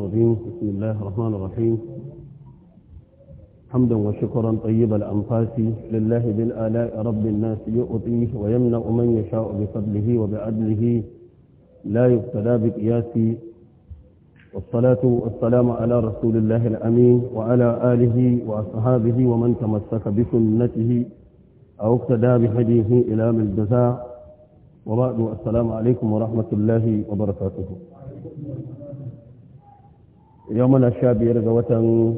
الرجيم بسم الله الرحمن الرحيم حمدا وشكرا طيب الأنفاس لله بالآلاء رب الناس يؤطيه ويمنع من يشاء بفضله وبعدله لا يبتلى بقياس والصلاة والسلام على رسول الله الأمين وعلى آله وأصحابه ومن تمسك بسنته أو اقتدى بهديه إلى من الجزاء وبعد السلام عليكم ورحمة الله وبركاته yau muna sha biyar ga watan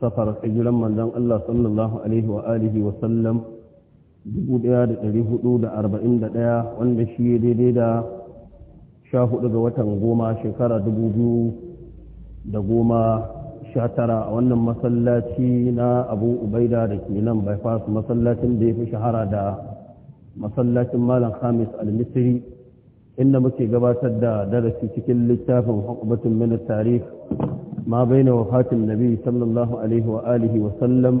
safar hijiran manzon Allah sallallahu alaihi wa alihi wa sallam 1441 wanda shi ya daidai da sha hudu ga watan goma shekara dubu biyu da goma sha tara a wannan masallaci na abu ubaida da ke nan bypass masallacin da ya fi shahara da masallacin malam khamis al-misri in inda muke gabatar da darasi cikin littafin hukumatun min tarikh ma baina wafatin nabi sallallahu alaihi wa alihi wa sallam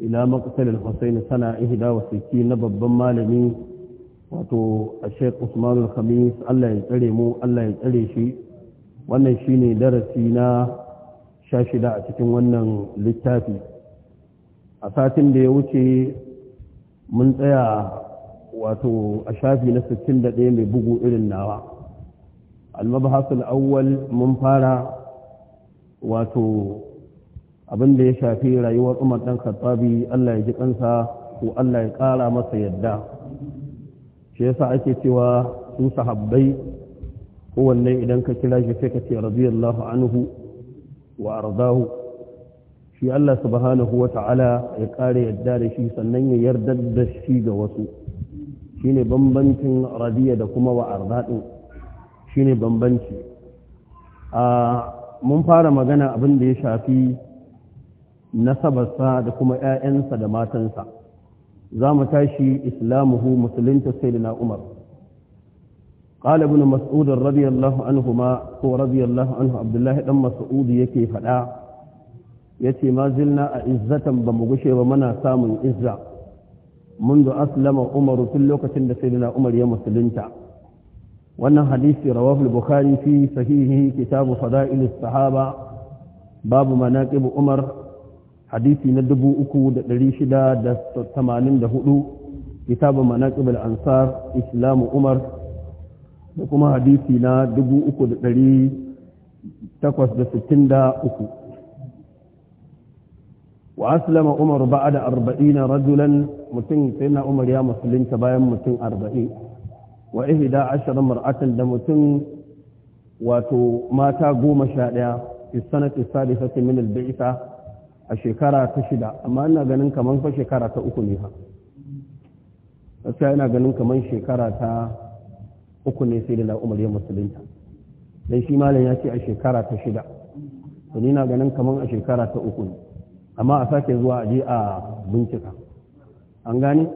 ila maqtal al-husayn sana 61 na babban malami wato Sheikh Usman al-Khamis Allah ya tsare mu Allah ya tsare shi wannan shine darasi na 16 a cikin wannan littafi a satin da ya wuce mun tsaya wato a shafi na 61 mai bugu irin nawa almabhasul awwal mun fara wato abin da ya shafi rayuwar umar dan khattabi Allah ya ji kansa ko Allah ya kara masa yadda shi yasa ake cewa su sahabbai kowanne idan ka kira shi sai ka ce radiyallahu anhu wa ardahu shi Allah subhanahu wa ta'ala ya kare yadda da shi sannan ya yarda da shi ga wasu shine bambancin radiyya da kuma wa ardaɗin shine bambanci a mun fara magana abin da ya shafi nasabarsa da kuma 'ya'yansa da matansa za mu tashi islamuhu musulunta sai na umar قال ابن مسعود رضي الله عنهما هو رضي الله عنه عبد الله بن مسعود yake faɗa yace ma zilna a izzatan ba mu gushe ba muna samun izza منذ أسلم عمر في اللوكة سيدنا عمر يوم السلنتا وأن حديث رواه البخاري في صحيحه كتاب فضائل الصحابة باب مناقب عمر حديث ندبو أكو دريشدا دست ثمانين دهولو كتاب مناقب الأنصار إسلام عمر وكما حديثنا دبو أكو دري تقوس دستين دا أكو wa aslama umar ba'da 40 rajulan mutum sai na umar ya musulunta bayan mutum 40 wa ihda ashara mar'atan da mutum wato mata goma sha ɗaya istanati sadisati min al-bi'sa a shekara ta shida amma ina ganin kaman fa shekara ta uku ne ha gaskiya ina ganin kaman shekara ta uku ne sai da umar ya musulunta dan shi malam ya ce a shekara ta shida to ganin kaman a shekara ta uku ne amma a sake zuwa a je a bincika an gane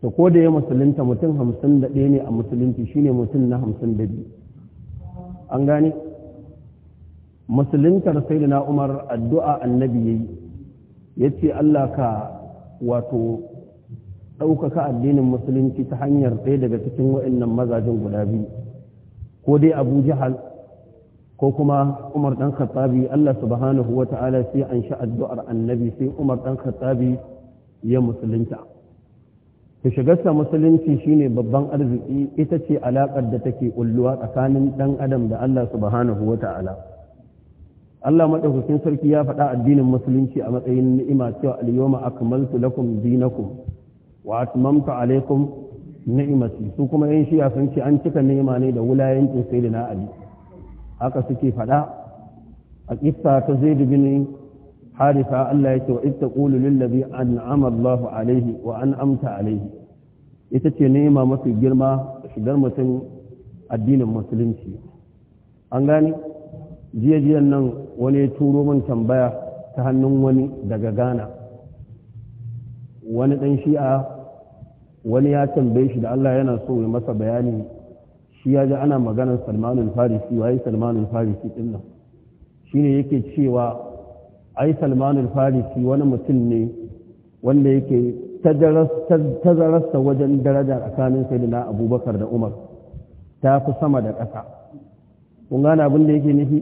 to ko da ya musulunta mutum hamsin da ɗaya ne a musulunci shine mutum na hamsin da biyu an gane musuluntar sai da na'umar addu'a annabi ya yi ya ce allah ka wato ɗaukaka addinin musulunci ta hanyar ɗaya daga cikin waɗannan mazajen guda biyu ko dai abu jihal ko kuma Umar dan Khattabi Allah subhanahu Ta'ala sai an sha addu'ar Annabi sai Umar dan Khattabi ya musulunta ta shigarsa musulunci shine babban arziki ita ce alaƙar da take ulluwa tsakanin ɗan adam da Allah subhanahu Ta'ala. Allah madaukakin sarki ya faɗa addinin musulunci a matsayin ni'ima cewa al-yawma akmaltu lakum dinakum wa atmamtu alaykum ni'mati su kuma yan shiya sun ce an cika ni'ima ne da wulayancin sayyidina Ali haka suke faɗa a ƙissa ta zai bin harisa Allah ya ce wa ita ƙulu lillazi an amallahu alaihi wa an amta alaihi ita ce nema mafi girma shigar mutum addinin musulunci an gani jiya jiyan nan wani ya turo min tambaya ta hannun wani daga ghana wani ɗan shi'a wani ya tambaye shi da Allah yana so ya masa bayani shi ya ji ana maganar salmanin farisi waye salmanin farisi din nan ne yake cewa ai salmanin farisi wani mutum ne wanda yake tazararsa wajen daraja tsakanin na abubakar da umar ta fi sama da ƙasa kun gane abin da yake nufi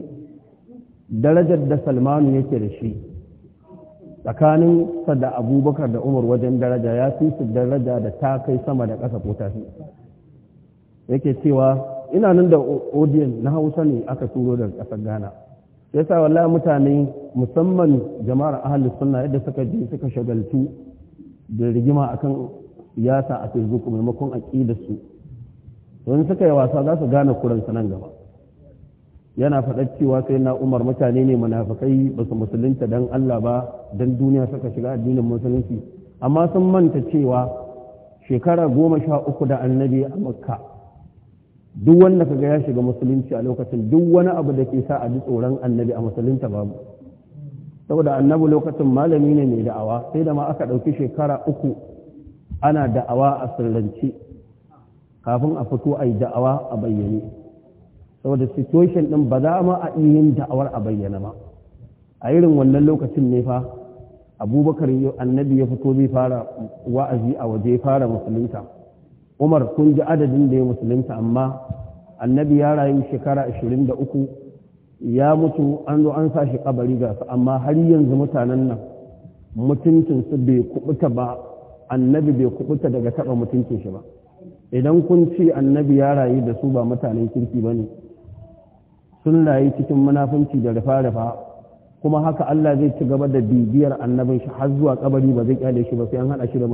darajar da salmanu yake da shi tsakanin da abubakar da umar wajen daraja ya fi su daraja da ta kai sama da ƙasa ko tafi yake cewa ina nan da odiyan na hausa ne aka turo daga ƙasar ghana yasa wallahi mutane musamman jama'ar ahli suna yadda suka je suka shagaltu da rigima akan siyasa a facebook maimakon aqidar su don suka yi wasa za su gane kuransa nan gaba yana faɗa cewa sai na umar mutane ne munafikai ba su musulunta don allah ba don duniya suka shiga addinin musulunci amma sun manta cewa shekara goma sha uku da annabi a makka duk wanda kaga ya shiga musulunci a lokacin duk wani abu da ke sa a ji tsoron annabi a musulunta babu saboda annabi lokacin malami ne mai da'awa sai da ma aka ɗauki shekara uku ana da'awa a sirrance kafin a fito a yi da'awa a bayyane saboda situation ɗin ba za ma a iya yin da'awar a bayyana ba a irin wannan lokacin ne fa abubakar annabi ya fito zai fara wa'azi a waje fara musulunta umar kun ji adadin da ya musulunta amma annabi ya rayu shekara 23 ya mutu an zo an sa kabari ga su amma har yanzu mutanen nan mutuncinsu bai kubuta ba annabi bai kubuta daga taba mutuncin shi ba idan kun ce annabi ya rayu da su ba mutanen kirki ba ne sun rayu cikin munafunci da rufa-rufa kuma haka Allah zai ci gaba da bibiyar annabin shi har zuwa kabari ba zai kyale shi ba sai an hada shi da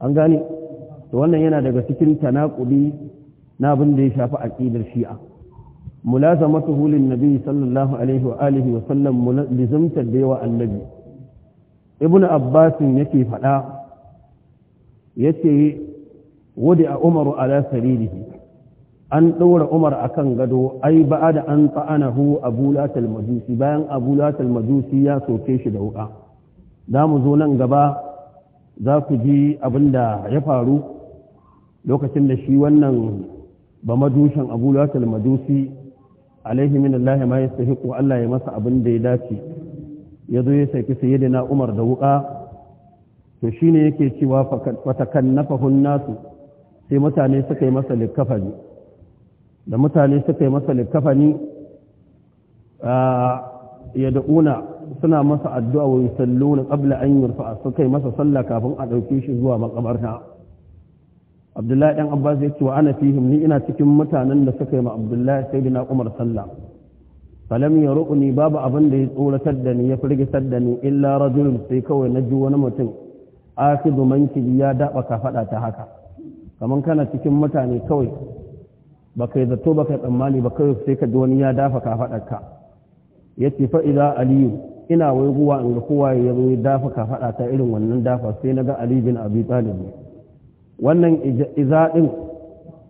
an gane to wannan yana daga cikin tanakudi na abin da ya shafi aqidar shi'a mulazamatuhu hulin nabi sallallahu alaihi wa alihi wa sallam mulazimtar da yawa annabi ibnu abbas yake faɗa yace wadi a umaru ala saririhi an ɗora umar a kan gado ai ba da an tsa'anahu abu latal majusi bayan abu majusi ya soke shi da wuka za mu zo nan gaba za ku ji abin da ya faru lokacin da shi wannan ba madushin abu latul madusi alaihi min Allah ma yastahiqu Allah ya masa abin da ya dace ya zo ya saki sayyidina Umar da wuka to shine yake cewa fatakannafahun nasu sai mutane suka yi masa likafani da mutane suka yi masa likafani ya una suna masa addu'a wa yusalluna qabla an yurfa suka yi masa sallah kafin a dauke shi zuwa makabarta abdullahi dan abbas ya ce wa ana fihim ni ina cikin mutanen da suka yi ma abdullahi sai na umar sallah falam ya ni, babu abin da ya tsoratar da ni ya firgitar da ni illa rajulun sai kawai na ji wani mutum akidu mankibi ya daɓa ka ta haka kamar kana cikin mutane kawai ba yi zato ba yi tsammani ba kawai sai ka ji wani ya dafa ka ka yace fa idza aliyu ina waiguwa in ga kowa ya zo ya dafa ka ta irin wannan dafa sai ga aliyu bin abi talib ne wannan iza ɗin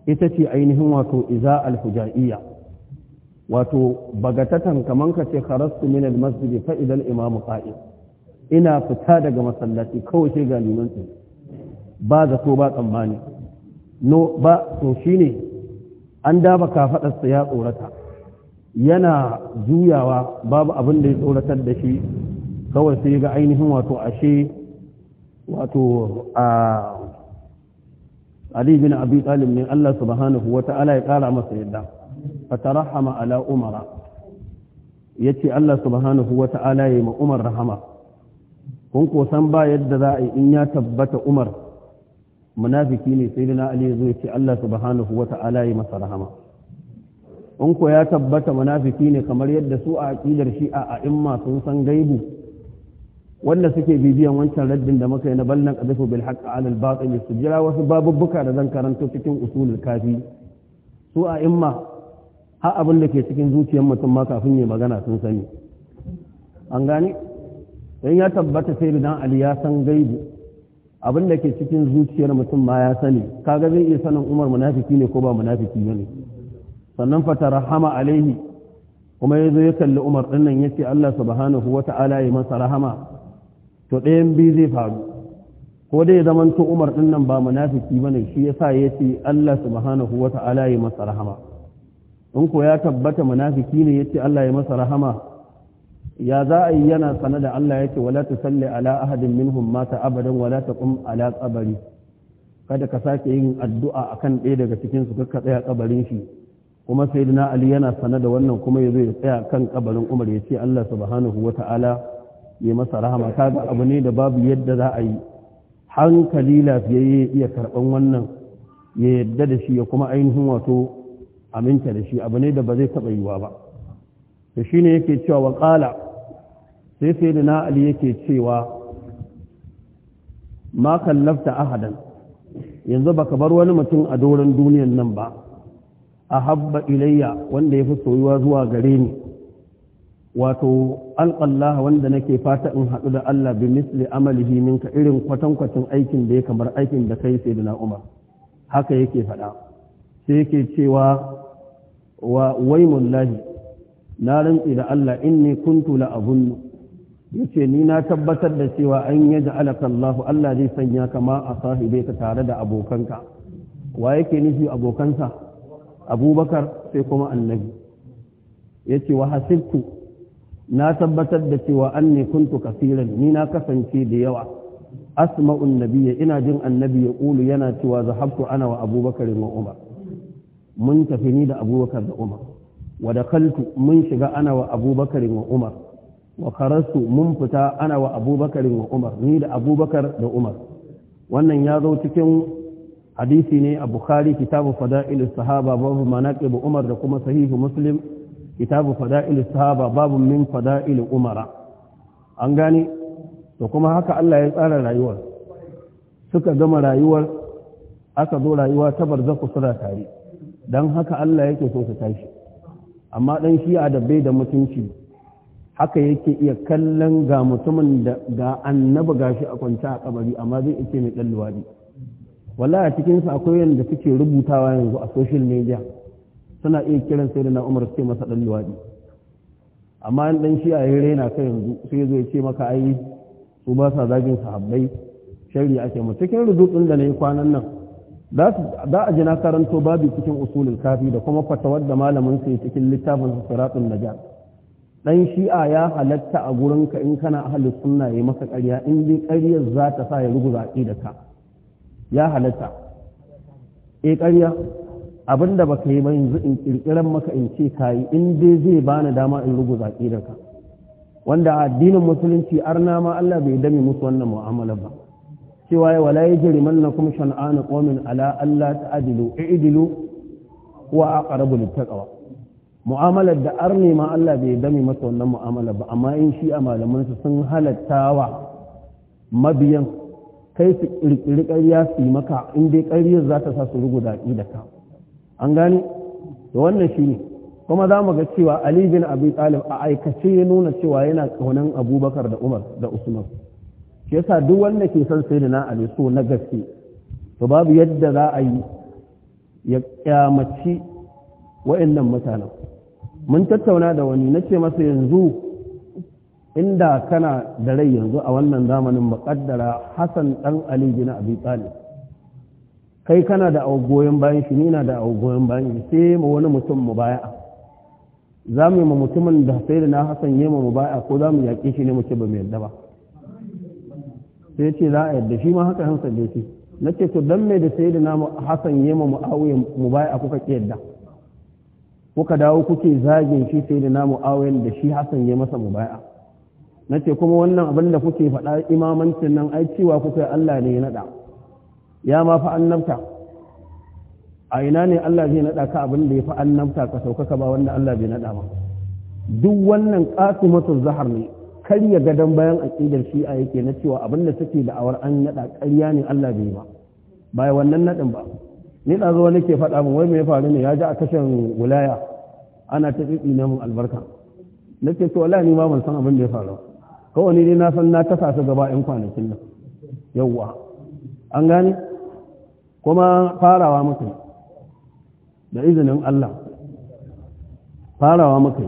ita ce ainihin wato iza alhujaiya wato bagatatan kaman ka ce kharastu min almasjid fa idan imamu qa'im ina fita daga masallaci kawai sai ga liman ba zato ba tsammani no ba to shine an daba kafaɗarsa ya tsorata yana juyawa babu abin da ya tsoratar da shi kawai sai ga ainihin wato ashe wato a ali bin abi talib ne Allah subhanahu wa ta'ala ya kara masa yadda fatarahama ala umara yace Allah subhanahu wa ta'ala ya ma umar rahama kun san ba yadda za a yi in ya tabbata umar munafiki ne sai dana ali zai ce Allah subhanahu wa ta'ala ya masa rahama in ya tabbata munafiki ne kamar yadda su a aqidar shi'a a imma sun san gaibu wanda suke bibiyan wancan raddin da muka yi na ballan qadhafu bil haqq ala al batil su jira wasu babubbuka da zan karanto cikin usulul kafi su a imma har abin da ke cikin zuciyar mutum ma kafin ya magana sun sani an gane in ya tabbata sai dan ali ya san gaibu abin da ke cikin zuciyar mutum ma ya sani kaga zai iya sanin umar munafiki ne ko ba munafiki ne sannan fata Rahama alaihi kuma zo ya kalli umar dinnan ce Allah subhanahu wata'ala ya masa rahama to ɗayan biyu zai faru ko dai zaman to umar ɗin nan ba munafiki bane shi yasa ya ce Allah subhanahu wa ta'ala ya masa rahama in ko ya tabbata munafiki ne yace Allah ya masa rahama ya za a yi yana sana da Allah yake wala tusalli ala ahadin minhum mata abadan wala taqum ala qabri kada ka sake yin addu'a akan ɗaya daga cikin su ka tsaya kabarin shi kuma sayyidina ali yana sana da wannan kuma yazo ya tsaya kan kabarin umar yace Allah subhanahu wa ta'ala ya masa rahama kaga abu ne da babu yadda za a yi hankali lafiyayye iya karɓan wannan ya yadda da shi ya kuma ainihin wato aminta da shi abu ne da ba zai taɓa yiwa ba da shi ne yake cewa wa ƙala sai sai da na ali yake cewa ma kallafta ahadan yanzu ba ka bar wani mutum a doron duniyan nan ba a habba ilayya wanda ya fi soyuwa zuwa gare ni wato alƙallah wanda nake fata in haɗu da Allah bi misli amalihi minka irin kwatankwacin aikin da ya kamar aikin da kai sai da Umar haka yake faɗa sai yake cewa wa lahi, na rantsi da Allah inni kuntu la abunnu yace ni na tabbatar da cewa an yaj'alaka Allah Allah zai sanya kama a sahibe ka tare da abokanka wa yake nufi abokansa Abubakar sai kuma annabi yace wa hasibtu na tabbatar da cewa an ne kuntu kasiran ni na kasance da yawa asma'un nabiyya ina jin annabi ya kulu yana cewa zahabtu ana wa abubakar wa umar mun tafi ni da abubakar da umar wa dakaltu mun shiga ana wa abubakar wa umar wa kharastu mun fita ana wa abubakar wa umar ni da abubakar da umar wannan ya zo cikin hadisi ne a bukhari kitabu fada'ilus sahaba babu manaqib umar da kuma sahihu muslim kitabu fada'il sahaba babu min fada'il umara an gane to kuma haka Allah ya tsara rayuwar suka gama rayuwar aka zo rayuwa ta barzaku sura tare dan haka Allah yake so su tashi amma dan shi a dabbe da mutunci haka yake iya kallon ga mutumin da ga annabi gashi a kwanta a kabari amma zai ce mai dan luwadi wallahi a cikin sa akwai yanda suke rubutawa yanzu a social media suna iya kiran sai na umar ce masa dan luwaɗi amma in dan shi a yi raina kai yanzu sai zo ya ce maka ai su ba sa zagin sahabbai shari'a ake mu cikin rubutun da na yi kwanan nan za a ji na karanto babu cikin usulin kafi da kuma fatawar da malamin sai cikin littafin siratun najat ɗan shi'a ya halatta a gurin ka in kana ahli sunna yayi maka ƙarya in dai ƙaryar za ta sa ya ruguza ka ya halatta eh ƙarya abin da baka yi ba yanzu in kirkiran maka in ce kayi in dai zai bani dama in zaƙi da ka wanda addinin musulunci arna ma Allah bai dami musu wannan mu'amala ba cewa ya wala yajri mannakum shan'an qawmin ala alla ta'dilu i'dilu wa aqrabu littaqwa mu'amalar da arne ma Allah bai dami masa wannan mu'amala ba amma in shi a malaman su sun wa mabiyan kai su kirkiri ƙarya su yi maka in dai ƙaryar za ta sa su rugu da ka. an gani da wannan shi ne kuma za mu ga cewa ali bin abi talib a aikace ya nuna cewa yana kaunan abubakar da umar da usman shi yasa duk wanda ke son sai na ali so na gaske to babu yadda za a yi ya kyamaci wa'annan mutanen mun tattauna da wani na ce masa yanzu inda kana da rai yanzu a wannan zamanin muƙaddara hassan ɗan ali bin abi talib kai kana da goyon bayan shi ni na da goyon bayan shi sai ma wani mutum mu baya za mu yi ma mutumin da sai da na hasan yi ma mu baya ko za mu yaƙe shi ne mu ce ba mu yarda ba sai ce za a yarda shi ma haka hansa da shi na ce to dan mai da sai da na hasan yi ma mu'awiyar mu baya kuka ƙi yarda kuka dawo kuke zagin shi sai da na mu'awiyar da shi hasan yi masa mu baya na ce kuma wannan abin da kuke faɗa imamancin nan ai cewa kuka Allah ne ya naɗa ya ma fa annabta a ina ne Allah zai naɗa ka abin da ya fi annabta ka saukaka ba wanda Allah bai naɗa ba duk wannan ƙasimatu zahar ne karya gadon bayan aƙidar shi'a yake na cewa abin da suke da'awar an naɗa ƙarya ne Allah bai ba ba wannan naɗin ba ni ɗazo wani ke faɗa min wai me ya faru ne ya ji a kashin wilaya ana ta tsitsi na mun albarka na ce to wala ni ma ban san abin da ya faru kawai ni dai na san na tasa su gaba 'yan kwanakin nan yawwa an gane kuma farawa muka da izinin Allah farawa muka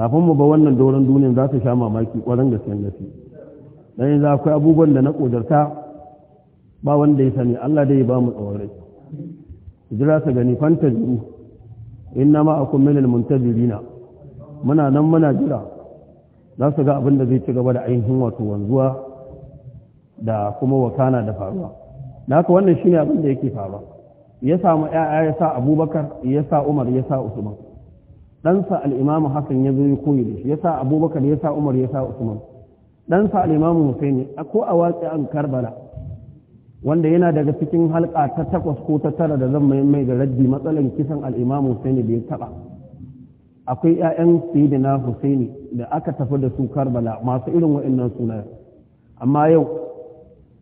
kafin mu ba wannan doron duniyar za su sha mamaki kwarin gaskiyar gaske za yanzu akwai abubuwan da na kodarta ba wanda ya sani Allah dai ya ba mu tsawarai jira su gani fanta jiru na ma akum minal muntajirina muna nan muna jira za su ga abin da zai ci gaba da ainihin wato wanzuwa da kuma wakana da faruwa da haka wannan shine abin da yake faruwa ya samu ya'ya ya sa abubakar ya sa umar ya sa usman ɗansa al'imamu hassan ya zo ya koyi da shi ya sa abubakar ya sa umar ya sa usman ɗansa al'imamu a ko a watsi an karbala wanda yana daga cikin halka ta takwas ko ta tara da zan mai da raddi matsalan kisan al'imamu husaini da ya taɓa akwai 'ya'yan sayyidina husaini da aka tafi da su karbala masu irin wa'annan sunayen amma yau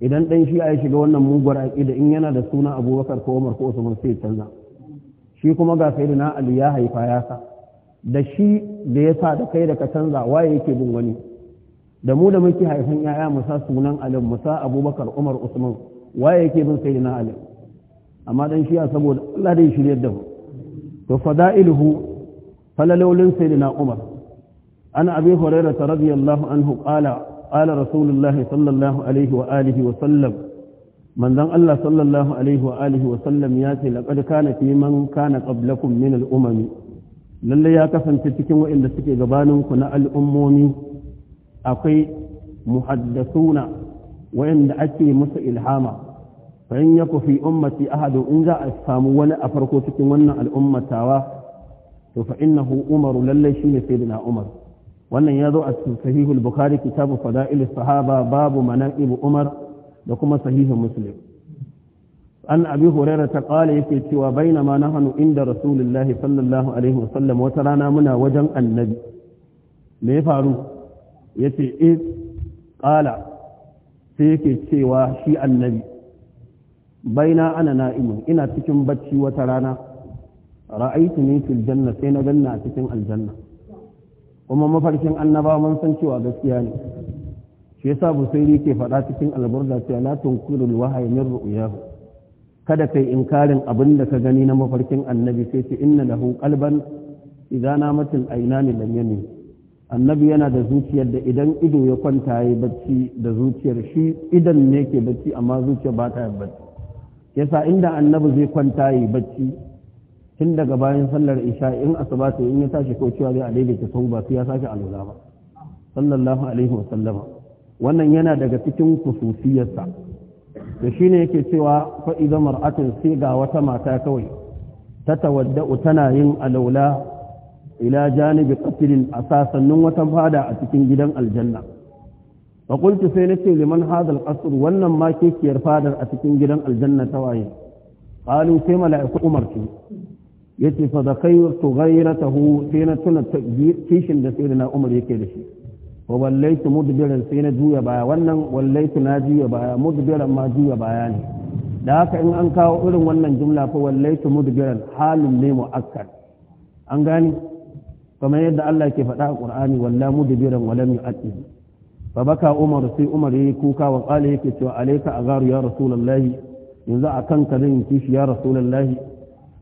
idan ɗan shi ya shiga wannan muguwar aƙida in yana da suna abubakar ko umar ko usman sai canza shi kuma ga sai na ali ya haifa ya sa da shi da ya sa da kai da ka canza waye yake bin wani da mu da muke haifan yaya mu sa sunan ali mu sa abubakar umar usman waye yake bin sai na ali amma dan shi ya saboda Allah da shirye da mu to fada'iluhu falalolin sai umar ana abi hurairah radiyallahu anhu qala قال رسول الله صلى الله عليه وآله وسلم من ذن الله صلى lallai ya kasance cikin waɗanda suke gabaninku na al'ummomi akwai muhaddasuna waɗanda ake masa ilhama fahim ya fi ummati ahadu in za a samu wani a farko cikin wannan al'ummatawa to umaru lallai shine sayyidina umar wannan ya zo a cikin sahihul bukhari kitabu fada'il sahaba babu Mana'ibu umar da kuma sahihu muslim an abi hurairah ta qala yake cewa bainama nahnu inda rasulullahi sallallahu alaihi wasallam wata rana muna wajen annabi me ya faru yace eh qala sai yake cewa shi annabi baina ana na'imun ina cikin bacci wata rana ra'aytu fil janna sai na ganna a cikin aljanna kuma mafarkin annaba mun san cewa gaskiya ne shi yasa busairi ke faɗa cikin alburda cewa la tunkirul wahyi min ru'yahu kada kai inkarin abin da ka gani na mafarkin annabi sai ce inna lahu qalban idza namatil aynan lam yamin annabi yana da zuciyar da idan ido ya kwanta yayi bacci da zuciyar shi idan ne ke bacci amma zuciya ba ta bacci yasa inda annabi zai kwanta yayi bacci tun daga bayan sallar isha in asuba ta in ya tashi ko cewa zai a daidaita sahu ba su ya sake alwala ba sallallahu alaihi wa sallama wannan yana daga cikin kususiyarsa da shine yake cewa fa idza mar'atun sai ga wata mata kawai ta tawadda'u tana yin alwala ila janibi qatrin asasannin wata fada a cikin gidan aljanna fa qultu sai nace liman hadal qasr wannan ma kekiyar fadar a cikin gidan aljanna ta waye qalu sai mala'iku umarci yace fa zakaitu ghayratahu sai na tuna kishin da sai na umar yake da shi wa wallaitu mudbiran sai na juya baya wannan wallaitu na juya baya mudbiran ma juya baya ne da haka in an kawo irin wannan jumla fa wallaitu mudbiran halin ne mu'akkad an gane kamar yadda Allah ke faɗa a Qur'ani walla mudbiran wa lam yu'aqqib fa baka umar sai umar yayi kuka wa qala yake cewa alayka agaru ya rasulullahi yanzu akan ka zan kishi ya rasulullahi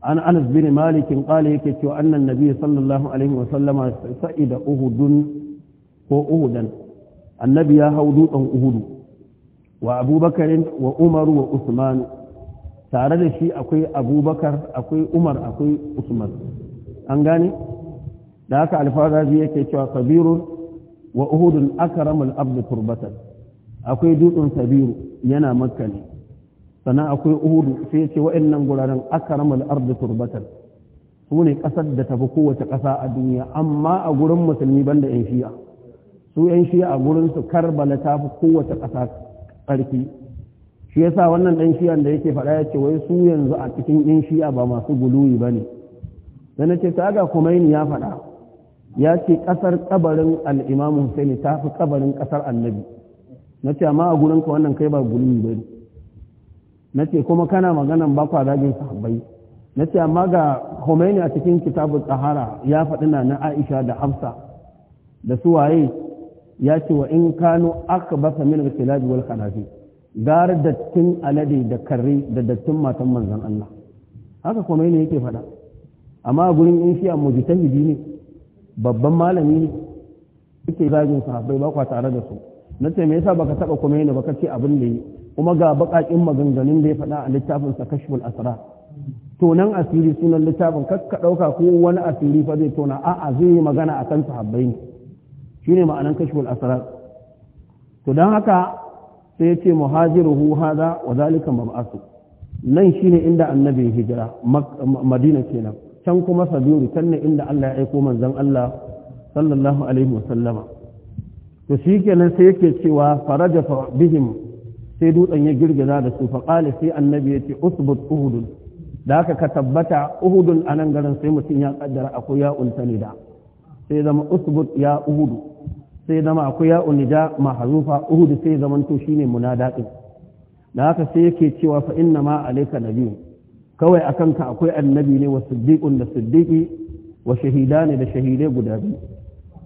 an anas bin malikin kala yake cewa annan nabi sallallahu alaihi wa sallama sa'ida uhudun ko uhudan annabi ya hau dutsen uhudu wa abubakar wa umaru wa usman tare da shi akwai abubakar akwai umar akwai usman an gane da haka alfarazi yake cewa kabirun wa uhudun akramul abdu turbatan akwai dutsen sabiru yana makka ne sannan akwai uhudu sai ya ce wa'annan guraren akramul ardi turbatan su ne kasar da tafi kowace kasa a duniya amma a gurin musulmi banda yan shi'a su yan shiya a gurin su karbala tafi kowace kasa karfi shi yasa wannan dan shi'an da yake faɗa ya ce wai su yanzu a cikin yan shi'a ba masu guluyi bane dan ce ta kuma ya faɗa ya ce kasar kabarin al-Imam ta tafi kabarin kasar Annabi na ce amma a gurin ka wannan kai ba guluyi bane na ce kuma kana maganan ba kwa zagin sahabbai na ce amma ga Khomeini a cikin kitabun tsahara ya faɗi na na Aisha da Hafsa da su waye ya ce wa in kano aka ba basa min rikilaji wal kanafi gara dattin alade da karri da dattin matan manzan Allah haka Khomeini yake faɗa amma gurin in shi a mujtahidi ne babban malami ne yake zagin sahabbai bakwa tare da su na ce me yasa baka taba kuma yana baka ce abin da yi kuma ga bakakin maganganun da ya faɗa a littafin sa kashful asra to nan asiri sunan littafin kakka ɗauka ko wani asiri fa zai tona a'a zai yi magana akan sahabbai ne shine ma'anan kashful asrar to dan haka sai ya ce muhajiruhu hada wa zalika mab'asu nan shine inda annabi hijira madina kenan can kuma sabiru can ne inda Allah ya aiko manzon Allah sallallahu alaihi wa sallama to shi kenan sai yake cewa faraja fa bihim sai dutsen ya girgiza da su faƙali sai annabi ya usbut uhudun da haka ka tabbata uhudun anan garin sai mutum ya kaddara akwai ya untanida sai zama usbut ya uhudu sai zama akwai ya unida maharufa uhudu sai zama to shine munada din da haka sai yake cewa fa inna ma alayka nabiyyu kawai akan ka akwai annabi ne wa siddiqun da siddiqi wa shahidani da shahidai guda biyu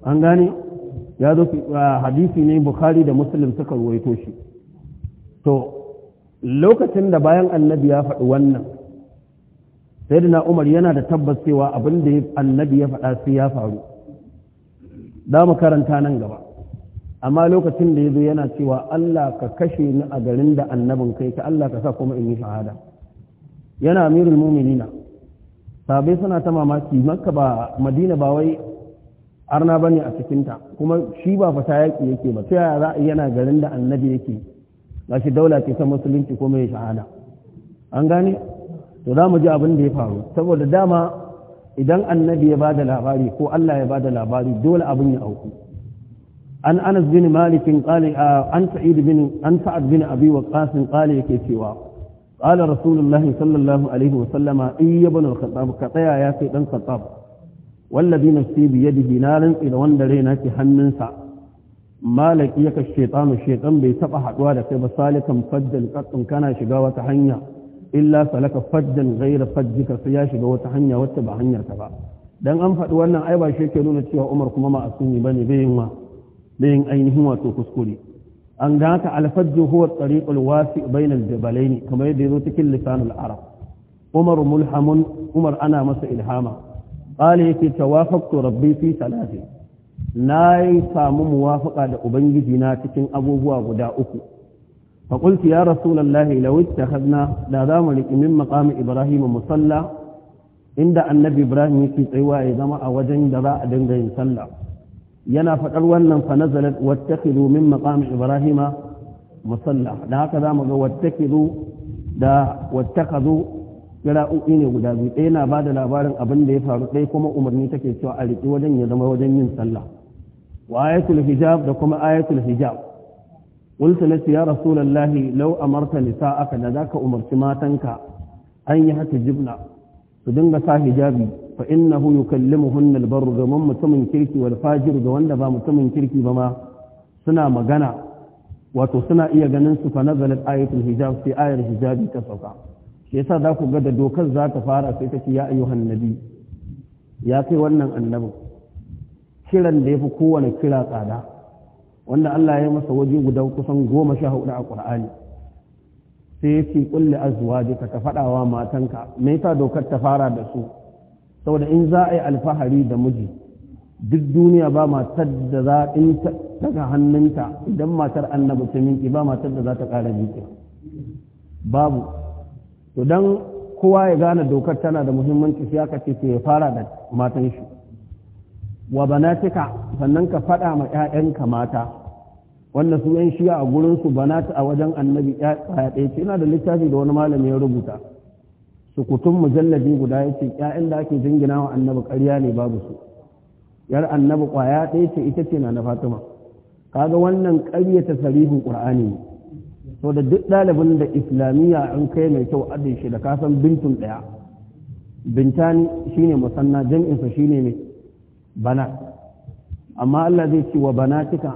an gane ya zo hadisi ne bukhari da muslim suka ruwaito shi to lokacin da bayan annabi ya faɗi wannan sai da umar yana da tabbas cewa abin da annabi ya faɗa sai ya faru da mu karanta nan gaba amma lokacin da ya zo yana cewa allah ka kashe ni a garin da annabin kai ka allah ka sa kuma in yi shahada yana amirul muminina sabai suna ta mamaki makka ba madina ba wai arna bane a cikinta kuma shi ba fasa yaƙi yake ba ta yaya za a yana garin da annabi yake ga shi daula ke ta musulunci ko mai shahada an gane to za mu ji abin da ya faru saboda dama idan annabi ya bada labari ko Allah ya bada labari dole abin ya auku an anas bin malik qali an sa'id bin an sa'ad bin abi waqas qali yake cewa qala rasulullahi sallallahu alaihi wa sallama al-khattab ka tsaya ya kai dan khattab wallazi nafsi bi yadihi na rantsi da wanda raina ke hannunsa malaki yaka shaytanu shaytan bai taba haɗuwa da kai ba salikan fajjal qattun kana shiga wata hanya illa salaka fajjan ghayra fajjika sai ya shiga wata hanya wacce ba hanyar ba dan an faɗi wannan ai ba shi yake nuna cewa Umar kuma ma asumi bane bai yin wa bai yin ainihin wato kuskure an ga haka alfajju huwa tariqul wasi bainal jabalaini kamar yadda yazo cikin lisanul arab Umar mulhamun Umar ana masa ilhama qala yake tawafaqtu rabbi fi salati na yi samu muwafaka da ubangiji na cikin abubuwa guda uku fa qultu ya rasulullahi law ittakhadna da za mu riki min maqam ibrahim musalla inda annabi ibrahim yake tsayuwa ya zama a wajen da za a dinga yin sallah yana faɗar wannan fa nazalat wattakhidhu min maqam ibrahim musalla da haka za mu ga wattakhidhu da wattakhadhu kira'o'i ne guda biyu ɗaya na ba da labarin abin da ya faru ɗaya kuma umarni take cewa a riƙi wajen ya zama wajen yin sallah wa ayatul hijab da kuma ayatul hijab ya lati lau a law amarta aka da zaka umarci matanka an yi hata jibna su dinga sa hijabi fa innahu yukallimuhunna albarru domin mutumin kirki wal fajir wanda ba mutumin kirki ba ma suna magana wato suna iya ganin su fa nazalat ayatul hijab sai ayar hijabi ta sauka shi yasa za ku ga da dokar za ta fara sai ta ce ya ayyuhan nabi ya kai wannan annabi kiran da ya fi kowane kira tsada wanda Allah ya masa waje guda kusan goma sha hudu a Qur'ani sai ya ce kulli ka ka faɗawa matanka me yasa dokar ta fara da su saboda in za a yi alfahari da miji duk duniya ba matar da za in daga hannunta idan matar annabi ta minki ba matar da za ta ƙara miƙe babu to kowa ya gane dokar tana da muhimmanci sai aka ce ya fara da matan shi wa banatika sannan ka faɗa ma 'ya'yanka mata wanda su yan shiya a gurin su banata a wajen annabi ya ɗaya ce ina da littafi da wani malami ya rubuta sukutun mujallabi guda ya ce ƴaƴan da ake jingina wa annabi ƙarya ne babu su yar annabi ƙwaya ɗaya ce ita ce na na fatima kaga wannan ta sarihin ƙur'ani ne to da duk ɗalibin da islamiyya an kai mai kyau adin shi da kasan bintun ɗaya bintani shine musanna jam'insa shine ne bana amma Allah zai ci wa bana banatika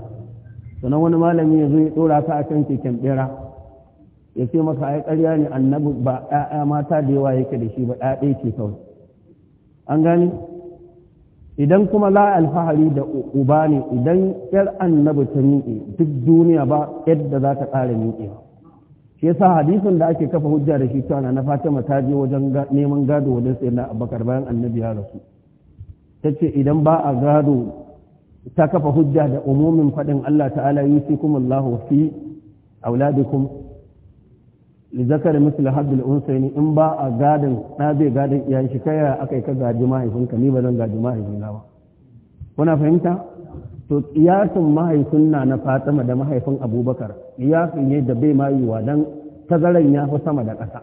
sannan wani malami ya zo ya ɗora ka akan keken bera ya ce maka ai ƙarya ne annabi ba ƴaƴa mata da yawa yake da shi ba ƴaƴa ce kawai an gani idan kuma la alfahari da uba ne idan yar annabi ta miƙe duk duniya ba yadda za ta ƙara ba shi yasa hadisin da ake kafa hujja da shi tana na fatima ta je wajen neman gado wajen na Abakar bayan annabi ya rasu ta ce idan ba a gado ta kafa hujja da umumin faɗin allah ta'ala yusikum allahu fi auladikum zakar misali haddul unsaini in ba a gadin na zai gadin iyayen shi kaya aka yi ka gaji mahaifinka ni ba zan gaji mahaifina ba kuna fahimta to kiyasin mahaifin na na fatima da mahaifin abubakar kiyasin ne da bai wa dan tazaran ya fi sama da ƙasa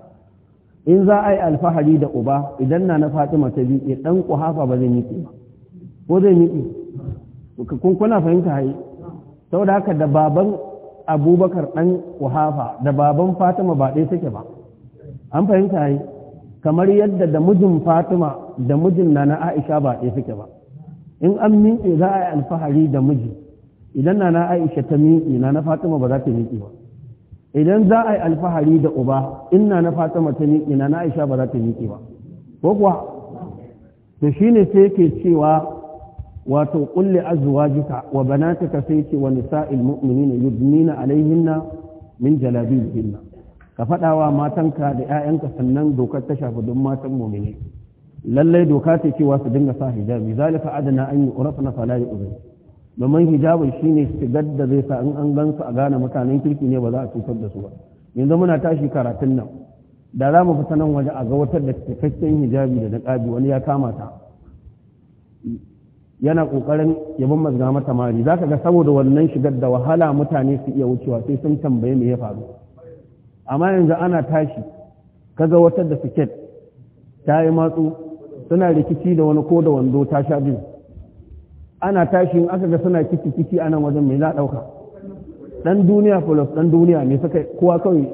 in za a yi alfahari da uba idan na na fatima ta bi dan kuhafa ba zai miƙe ba ko zai miƙe kun kuna fahimta hai saboda haka da baban abubakar ɗan wahafa da baban fatima ba ɗaya suke ba an fahimta yi kamar yadda da mijin fatima da mijin na na aisha ba ɗaya suke ba in an miƙe za a yi alfahari da miji idan na na aisha ta miƙe na na fatima ba za ta miƙe ba idan za a yi alfahari da uba in na na fatima ta miƙe na na aisha ba za ta miƙe ba ko kuwa to shine sai ke cewa wato kulli azwajika wa banatika sai ce wa nisa'il mu'minina yudnina alaihinna min jalabibihinna ka faɗawa matanka da 'ya'yanka sannan dokar ta shafi don matan mu'mini lallai doka ce cewa su dinga sa hijabi zalika adana an yi urafna fala yu'zin domin hijabin shine shigar da zai sa in an gansu a gane mutanen kirki ne ba za a cutar da su ba yanzu muna tashi karatun nan da za mu fita nan waje a ga wata da cikakken hijabi da niqabi wani ya kama ta yana kokarin ya bin mazga mata mari za ka ga saboda wannan shigar da wahala mutane su iya wucewa sai sun tambaye me ya faru amma yanzu ana tashi kaga wata da siket ta yi matsu suna rikici da wani ko da wando ta sha biyu ana tashi in aka ga suna kiki kiki anan wajen me za ɗauka dan duniya plus dan duniya me suka kowa kawai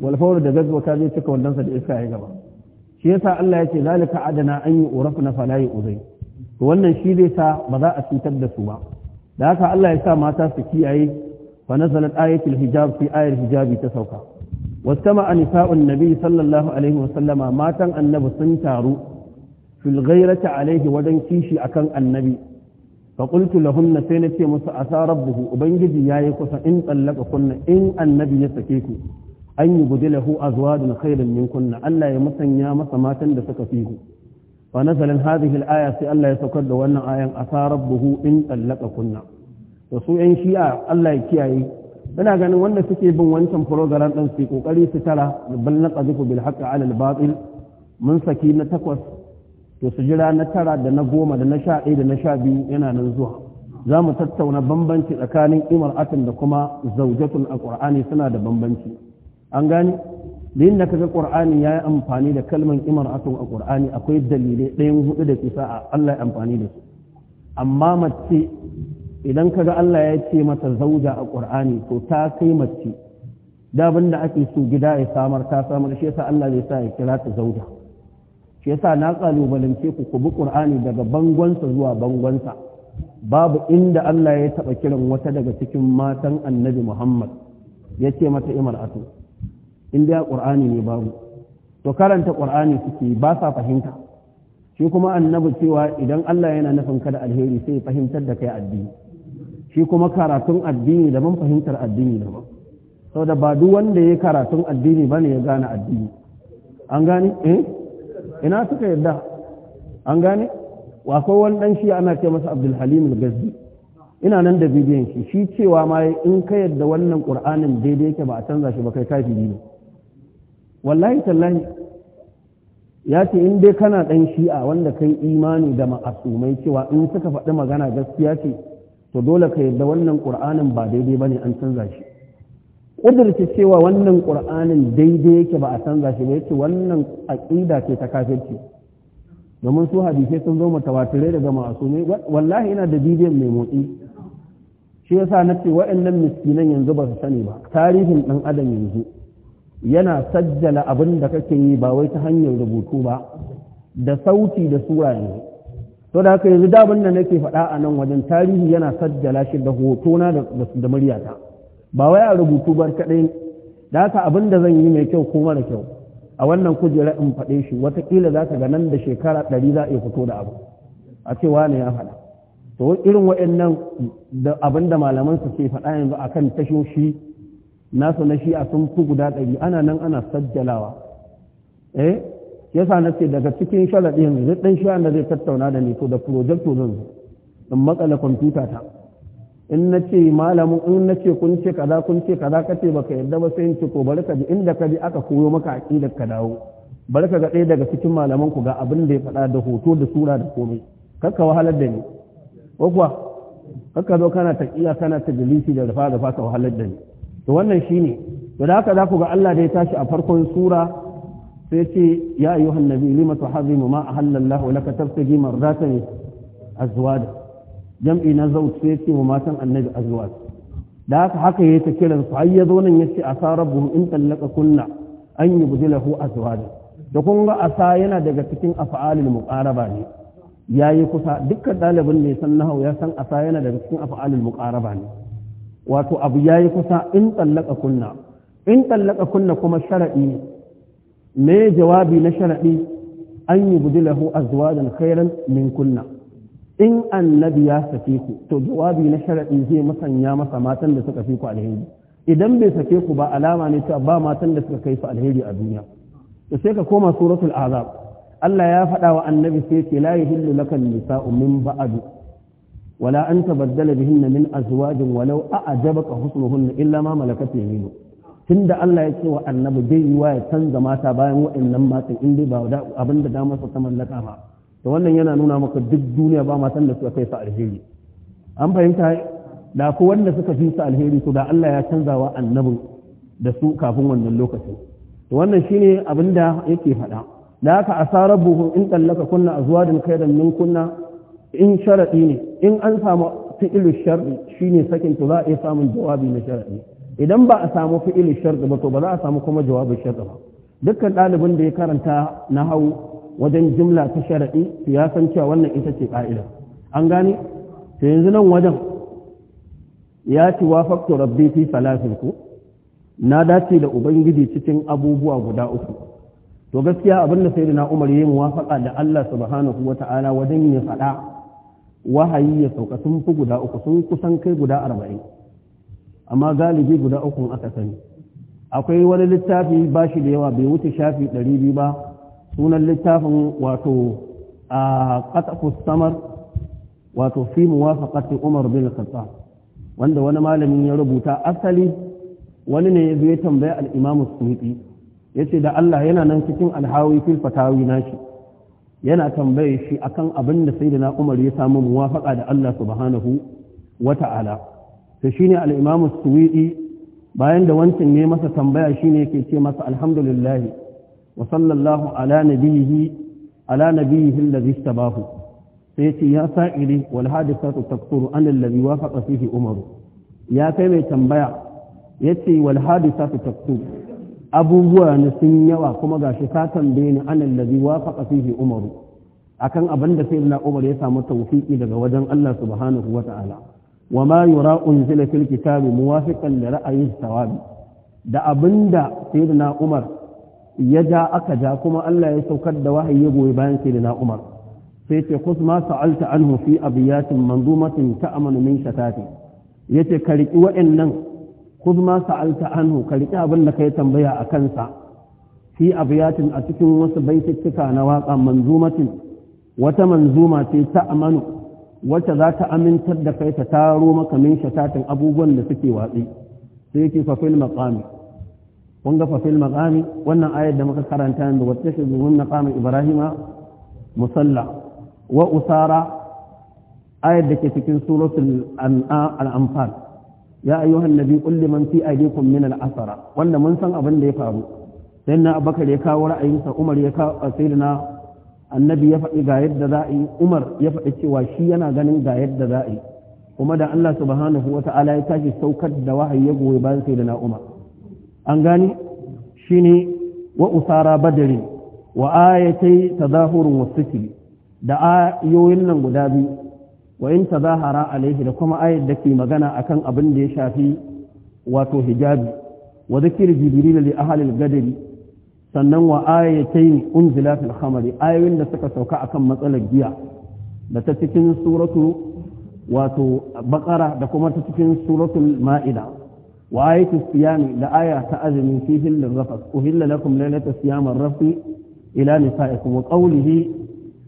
walfawar da gazuwa ta zai cika wandonsa da iska ya gaba shi yasa Allah ya ce zalika adana an yi urafna fala yi uzai wannan shi zai sa ba za a cutar da su ba da haka Allah ya sa mata su kiyaye fa nazalat ayatul hijab fi ayar hijabi ta sauka wastama nisa'un nabi sallallahu alaihi wa sallama matan annabi sun taru fil ghairati alaihi wadan kishi akan annabi fa qultu lahunna sai nace musu asa rabbuhu ubangiji yayi kusa in tsallaka kunna in annabi ya sake ku an yi gudilahu azwadun khairan minkunna Allah ya musanya masa matan da suka fi ku fa nazalan hadhihi al-aya sai Allah ya saukar da wannan ayan asa buhu in tallaka kunna to yan shi'a Allah ya kiyaye ina ganin wanda suke bin wancan program ɗin su kokari su tara bal naqdifu bil haqqi ala al-batil mun saki na takwas to su jira na tara da na goma da na sha ɗaya da na sha biyu yana nan zuwa za mu tattauna bambanci tsakanin atin da kuma zaujatul a ƙur'ani suna da bambanci an gane da da kaga qur'ani ya yi amfani da kalman imar ato a qur'ani akwai dalilai ɗayan hudu da ke a Allah ya amfani da su amma mace idan kaga Allah ya ce mata zauja a qur'ani to ta kai mace dabin da ake so gida ya samar ta samar shi yasa Allah zai sa ya kira ta zauja shi yasa na kalubalance ku ku bi qur'ani daga bangonsa zuwa bangonsa babu inda Allah ya taɓa kiran wata daga cikin matan annabi Muhammad ya ce mata imar ato in dai qur'ani ne babu to karanta qur'ani suke ba sa fahimta shi kuma annabi cewa idan Allah yana nufin kada alheri sai fahimtar da kai addini shi kuma karatun addini daban fahimtar addini daban saboda ba duk wanda ya karatun addini bane ya gane addini an gane eh ina suka yarda an gane Wa ko wani dan shi ana ce masa Abdul Halim al-Ghazzi ina nan da bidiyon shi shi cewa ma in ka yarda wannan Qur'anin daidai yake ba a canza shi ba kai kafiri ne wallahi tallahi ya ce in dai kana ɗan shi'a wanda kai imani da ma'asumai cewa in suka faɗi magana gaskiya ce to dole ka yarda wannan ƙur'anin ba daidai ba ne an canza shi ƙudurci cewa wannan ƙur'anin daidai yake ba a canza shi ba yake wannan aƙida ce ta kafirci domin su hadisai sun zo mutawatirai daga ma'asumai wallahi ina da bidiyon mai motsi shi yasa na ce wa'annan miskinan yanzu ba su sani ba tarihin ɗan adam yanzu yana sajjala abin da kake yi ba wai ta hanyar rubutu ba da sauti da sura ne to da haka yanzu dabin da nake faɗa a nan wajen tarihi yana sajjala shi da hotona da muryata ba wai a rubutu bar kaɗai da haka abin da zan yi mai kyau ko mara kyau a wannan kujera in faɗe shi watakila za ka ga nan da shekara ɗari za a iya fito da abu a ce ne ya faɗa to irin waɗannan da abin da malaman su ke faɗa yanzu akan tashoshi nasu na shi'a sun fi guda ɗari ana nan ana sajjalawa eh yasa na ce daga cikin sharaɗi yanzu ɗan shi'a da zai tattauna da ni to da projecto zan zo in matsala kwamfuta ta in na ce malamin in na ce kun ce kaza kun ce kaza ka ce baka yarda ba sai in ce ko bari ka ji inda ka ji aka koyo maka aqidar ka dawo bari ka ga ɗaya daga cikin malaman ku ga abin da ya faɗa da hoto da sura da komai kakka wahalar da ni ko kuwa kakka zo kana taqiya kana tajlisi da rufa da fasa wahalar da ni to wannan shine to da haka za ku ga Allah da ya tashi a farkon sura sai ce ya ayyuhan nabi lima mu ma ahallallahu laka tabtagi mardatan azwaj jam'i na zaut sai ce wa matan annabi azwaj da haka haka yayi ta kiran su har ya zo nan yace asa rabbuhu in tallaka kunna an yubdilahu azwaj da kun ga asa yana daga cikin af'alil muqaraba ne yayi kusa dukkan ɗalibin ne san nahau ya san asa yana daga cikin af'alil muqaraba ne wato abu ya yi kusa in tsallaka kunna in tsallaka kunna kuma sharaɗi ne me jawabi na sharaɗi an yi a azwajan khairan min kunna in annabi ya sake ku to jawabi na sharaɗi zai masanya masa matan da suka fi ku alheri idan bai sake ku ba alama ne ta ba matan da suka kai su alheri a duniya to sai ka koma suratul azab Allah ya faɗa wa annabi sai ce la yahillu lakan nisa'u min ba'du ولا أن تبدل بهن من أزواج ولو أعجبك حسنهن إلا ما ملكت يمينك tun da Allah ya ce wa annabi zai yi wa ya canza mata bayan wa'annan matan in dai ba abin da damar ta mallaka ba to wannan yana nuna maka duk duniya ba matan da suka kai sa alheri an fahimta da ko wanda suka fi sa alheri to da Allah ya canza wa Annabi da su kafin wannan lokaci. to wannan shine abin da yake faɗa da haka asarabuhu in tallaka kunna azwajin khairan min kunna in sharaɗi ne in an samu fi'ilu sharɗi shine sakin to za a iya samun jawabi na sharaɗi idan ba a samu fi'ilu sharɗi ba to ba za a samu kuma jawabin sharɗi ba dukkan ɗalibin da ya karanta na hau wajen jimla ta sharaɗi ya san cewa wannan ita ce ƙa'ida an gane to yanzu nan wajen ya ci fakto rabbi fi salasin na dace da ubangiji cikin abubuwa guda uku to gaskiya abin da na umar yi muwafaqa da Allah subhanahu wata'ala wajen ya faɗa wahayi ya sauka sun fi guda uku sun kusan kai guda arba'in amma galibi guda uku aka sani akwai wani littafi ba shi da yawa bai wuce shafi ɗari biyu ba sunan littafin wato a samar wato fi muwafaqati umar bin khattab wanda wani malamin ya rubuta asali wani ne ya ya tambaya al-imamu ya yace da Allah yana nan cikin alhawi fil fatawi nashi yana tambaye shi akan abin da na Umar ya samu muwafaka da Allah subhanahu ala. to shine al-Imam as-Suwidi bayan da wancan ne masa tambaya shine yake ce masa alhamdulillah wa sallallahu ala nabiyhi ala nabiyhi alladhi istabahu sai yace ya sa'ili wal hadithatu taqturu an alladhi wafaqa fihi Umaru. ya kai mai tambaya yace wal hadithatu taqturu abubuwa na sun yawa kuma gashi ka tambaye ni anan lazi wafaqa fihi umaru akan abin da na umar ya samu tawfiqi daga wajen Allah subhanahu wa ta'ala wa ma yura unzila fil kitabi muwafiqan li ra'yi sawabi da abinda sayyidina umar ya ja aka ja kuma Allah ya saukar da wahayi ya goyi bayan sayyidina umar sai ce kus ma sa'alta anhu fi abiyatin manzumatin ta'amanu min shatati yace ka riki wa'annan kuz ma sa'alta anhu ka riƙi abin da kai tambaya a kansa Shi fi abiyatin a cikin wasu baitittuka na waƙa manzumatin wata manzuma ce ta amanu wacce za ta amintar da kai ta taro maka min abubuwan da suke watsi sai yake fafil maqami kun ga fafil maqami wannan ayar da muka karanta yanzu wacce shi zuwan maqami ibrahima musalla wa usara ayar da ke cikin suratul an'am al ya ayyuhan nabi qul liman fi aydikum min asara wanda mun san abin da ya faru sai na abakar ya kawo ra'ayinsa umar ya kawo sayyidina annabi ya faɗi ga yadda za a yi umar ya faɗi cewa shi yana ganin ga yadda za a yi kuma da Allah subhanahu wa ta'ala ya tashi saukar da wahayi ya goyi bayan na umar an gane shine wa usara badri wa ayatai tadahurun wasiki da ayoyin nan guda biyu wa in tazahara alaihi da kuma ayat da ke magana akan abin da ya shafi wato hijabi wa zikir jibril li ahli al-gadri sannan wa ayatayn unzila fil khamri ayoyin da suka sauka akan matsalar giya da ta cikin suratu wato baqara da kuma ta cikin suratul ma'ida wa ayatu siyami da aya ta azumi fi hillil rafas uhilla lakum laylata siyamar rafi ila nisaikum wa qawlihi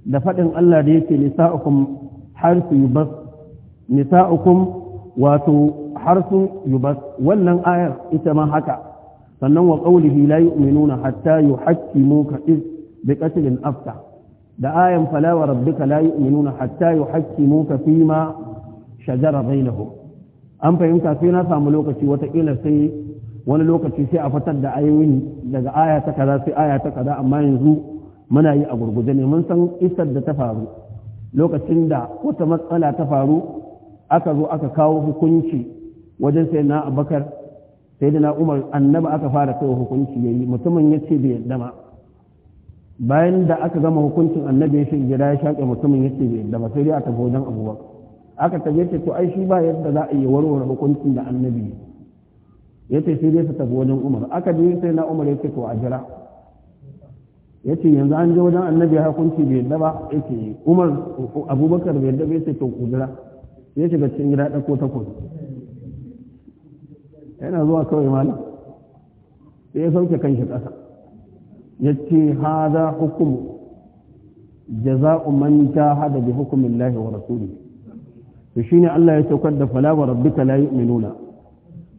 da fadin Allah da yake nisaikum har ukun yubas nisa'ukum wato harsun su yubas wannan ayar ita ma haka sannan wa qawlihi la yu'minuna hatta yuhaqqimuka iz bi afta da ayan fala wa rabbika la yu'minuna hatta yuhaqqimuka fima shajara bainahum an fahimta sai na samu lokaci watakila sai wani lokaci sai a fitar da ayoyin daga aya ta kaza sai aya ta kaza amma yanzu muna yi a gurguje ne mun san isar da ta faru lokacin da wata matsala ta faru aka zo aka kawo hukunci wajen sai na abakar sai da na umar annaba aka fara kai hukunci yayi mutumin ya ce bai yadda ba bayan da aka gama hukuncin annabi ya shiga gida ya shaƙe mutumin ya ce bai yadda ba sai dai a tafi wajen abubakar aka tabe ce to ai shi ba yadda za a yi warware hukuncin da annabi ya ce sai dai su tafi wajen umar aka je sai na umar ya ce to a jira ya ce yanzu an ji wajen annabi ya hukunci bai yadda ba ya ce umar abubakar bai yadda bai sai to kudura ya shiga cikin gida ko takwas yana zuwa kawai malam sai ya sauke kan shi ƙasa ya ce haza hukumu jaza'u man hada bi hukumin lahi wa rasuli to shine Allah ya saukar da fala wa rabbika la yu'minuna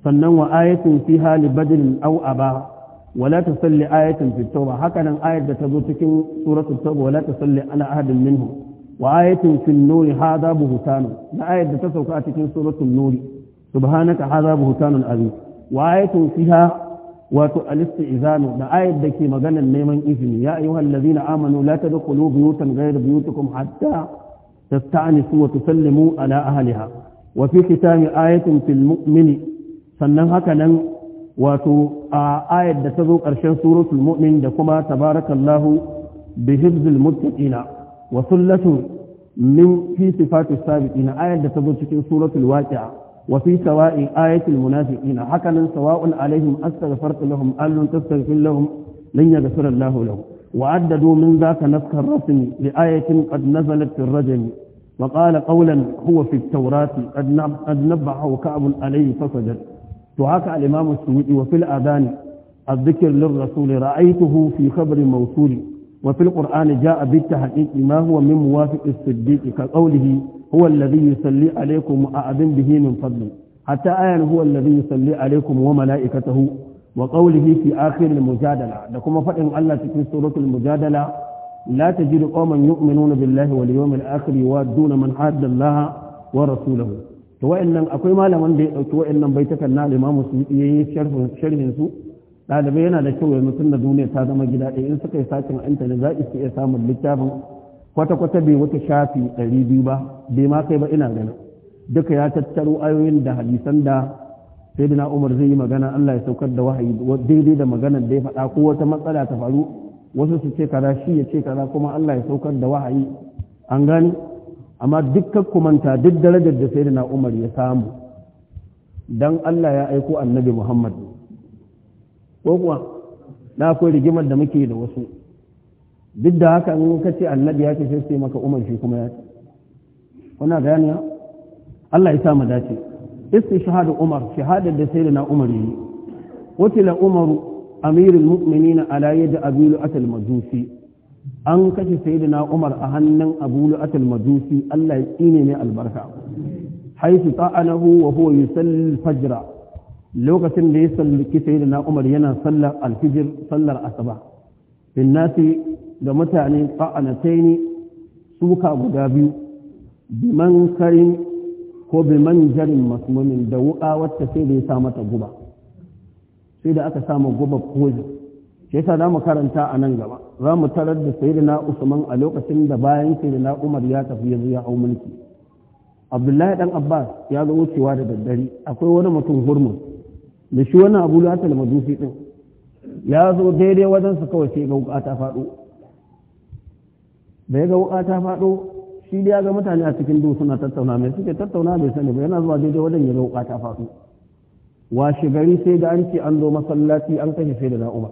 sannan wa ayatin fi hali badrin aw aba wala tusalli ayatan fit tauba haka nan da ta zo cikin suratul tauba wala tusalli ala ahadin minhum wa ayatun fil nuri hadha buhtanun na ayat da ta sauka a cikin suratul nuri subhanaka hadha buhtanun azim wa ayatun fiha wato al-istizanu da ayat da ke maganar neman izini ya ayyuhal ladina amanu la tadkhulu buyutan ghayra buyutikum hatta tasta'nisu kitami sannan hakanan. wato a ayar da ta zo ƙarshen suratul mu'min da kuma tabarakallahu bi hibzil muttaqina wa sullatu min fi sifati sabiqina ayar da ta zo cikin suratul waqi'a wa fi sawa'i ayatul munafiqina hakanan sawa'un alaihim astaghfartu lahum an lam tastaghfir lahum lan yaghfira Allah lahum wa addadu min zaka naskar rasmi li ayatin qad nazalat fi rajmi وقال قولا هو في التوراة قد نبعه كعب عليه فسجد to haka al-imam as-suwidi wa fil adhan الذكر للرسول رأيته في خبر موصول وفي القرآن جاء بالتحقيق ما هو من موافق الصديق كقوله هو الذي يصلي عليكم وأعظم به من فضله حتى آية هو الذي يصلي عليكم وملائكته وقوله في آخر المجادلة لكم فإن الله تكون سورة المجادلة لا تجد قوما يؤمنون بالله واليوم الآخر يوادون من حاد الله ورسوله to wa'annan akwai malaman da ya dauki wa'annan baitakan na Imam su yayi sharhin sharhin su dalibai yana da kyau yanzu tunda duniya ta zama gida ɗaya in suka yi sakin intanet za su iya samun littafin kwata-kwata bai wata shafi ɗari biyu ba bai ma kai ba ina ganin duka ya tattaro ayoyin da hadisan da sayyidina Umar zai yi magana Allah ya saukar da wahayi daidai da maganar da ya faɗa ko wata matsala ta faru wasu su ce kaza shi ya ce kaza kuma Allah ya saukar da wahayi an gani amma dukkan kumanta duk darajar da sai na umar ya samu don allah ya aiko annabi muhammad ko kuwa na akwai rigimar da muke da wasu duk da haka in ka ce annabi ya ce sai sai maka umar shi kuma ya ce kuna gani allah ya samu dace shahadu umar shahadar da sai na umar yi wutila umaru amirul mu'minina ala yadi abilu atal majusi an kashe sayyidina Umar a hannun Abu Lu'atul Majusi Allah ya tsine mai albarka haisu ta'anahu wa huwa yusalli fajra lokacin da ya sallaki sayyidina Umar yana sallar alfijir sallar asaba. bin nasi da mutane ta'anataini suka guda biyu biman karin ko biman jarin masmumin da wuƙa wacce sai da ya sa mata guba sai da aka samu guba koji sai yasa za mu karanta a nan gaba za mu tarar da sayyidina usman a lokacin da bayan sayyidina umar ya tafi yanzu ya hau mulki abdullahi dan abbas ya zo wucewa da daddare akwai wani mutum hurmun da shi wani abu da majusi din ya zo daidai wajen su kawai sai ga wuka faɗo da ya ga wuka faɗo shi ya ga mutane a cikin duhu suna tattauna mai suke tattauna bai sani ba yana zuwa daidai wajen ya ga wuka faɗo washe gari sai da an ce an zo masallaci an kashe sai da na'umar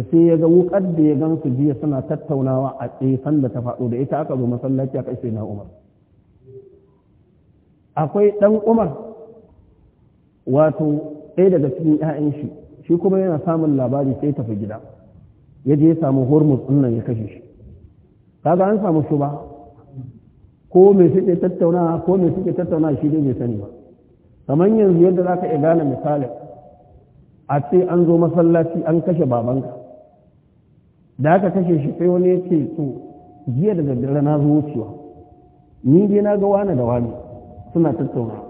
sai ya ga wukar da ya gan su jiya suna tattaunawa a tsefan da ta faɗo da ita aka zo masallaci a kashe na umar akwai ɗan umar wato ɗaya daga cikin 'ya'yan shi shi kuma yana samun labari sai tafi gida ya je ya samu hormuz ɗin ya kashe shi kaga an samu shuba ko me suke tattauna ko me suke tattauna shi dai bai sani ba kamar yanzu yadda za ka iya gane misali a ce an zo masallaci an kashe babanka da aka kashe shi sai wani ya so jiya da daddare na zo wucewa ni dai na ga wani da wani suna tattauna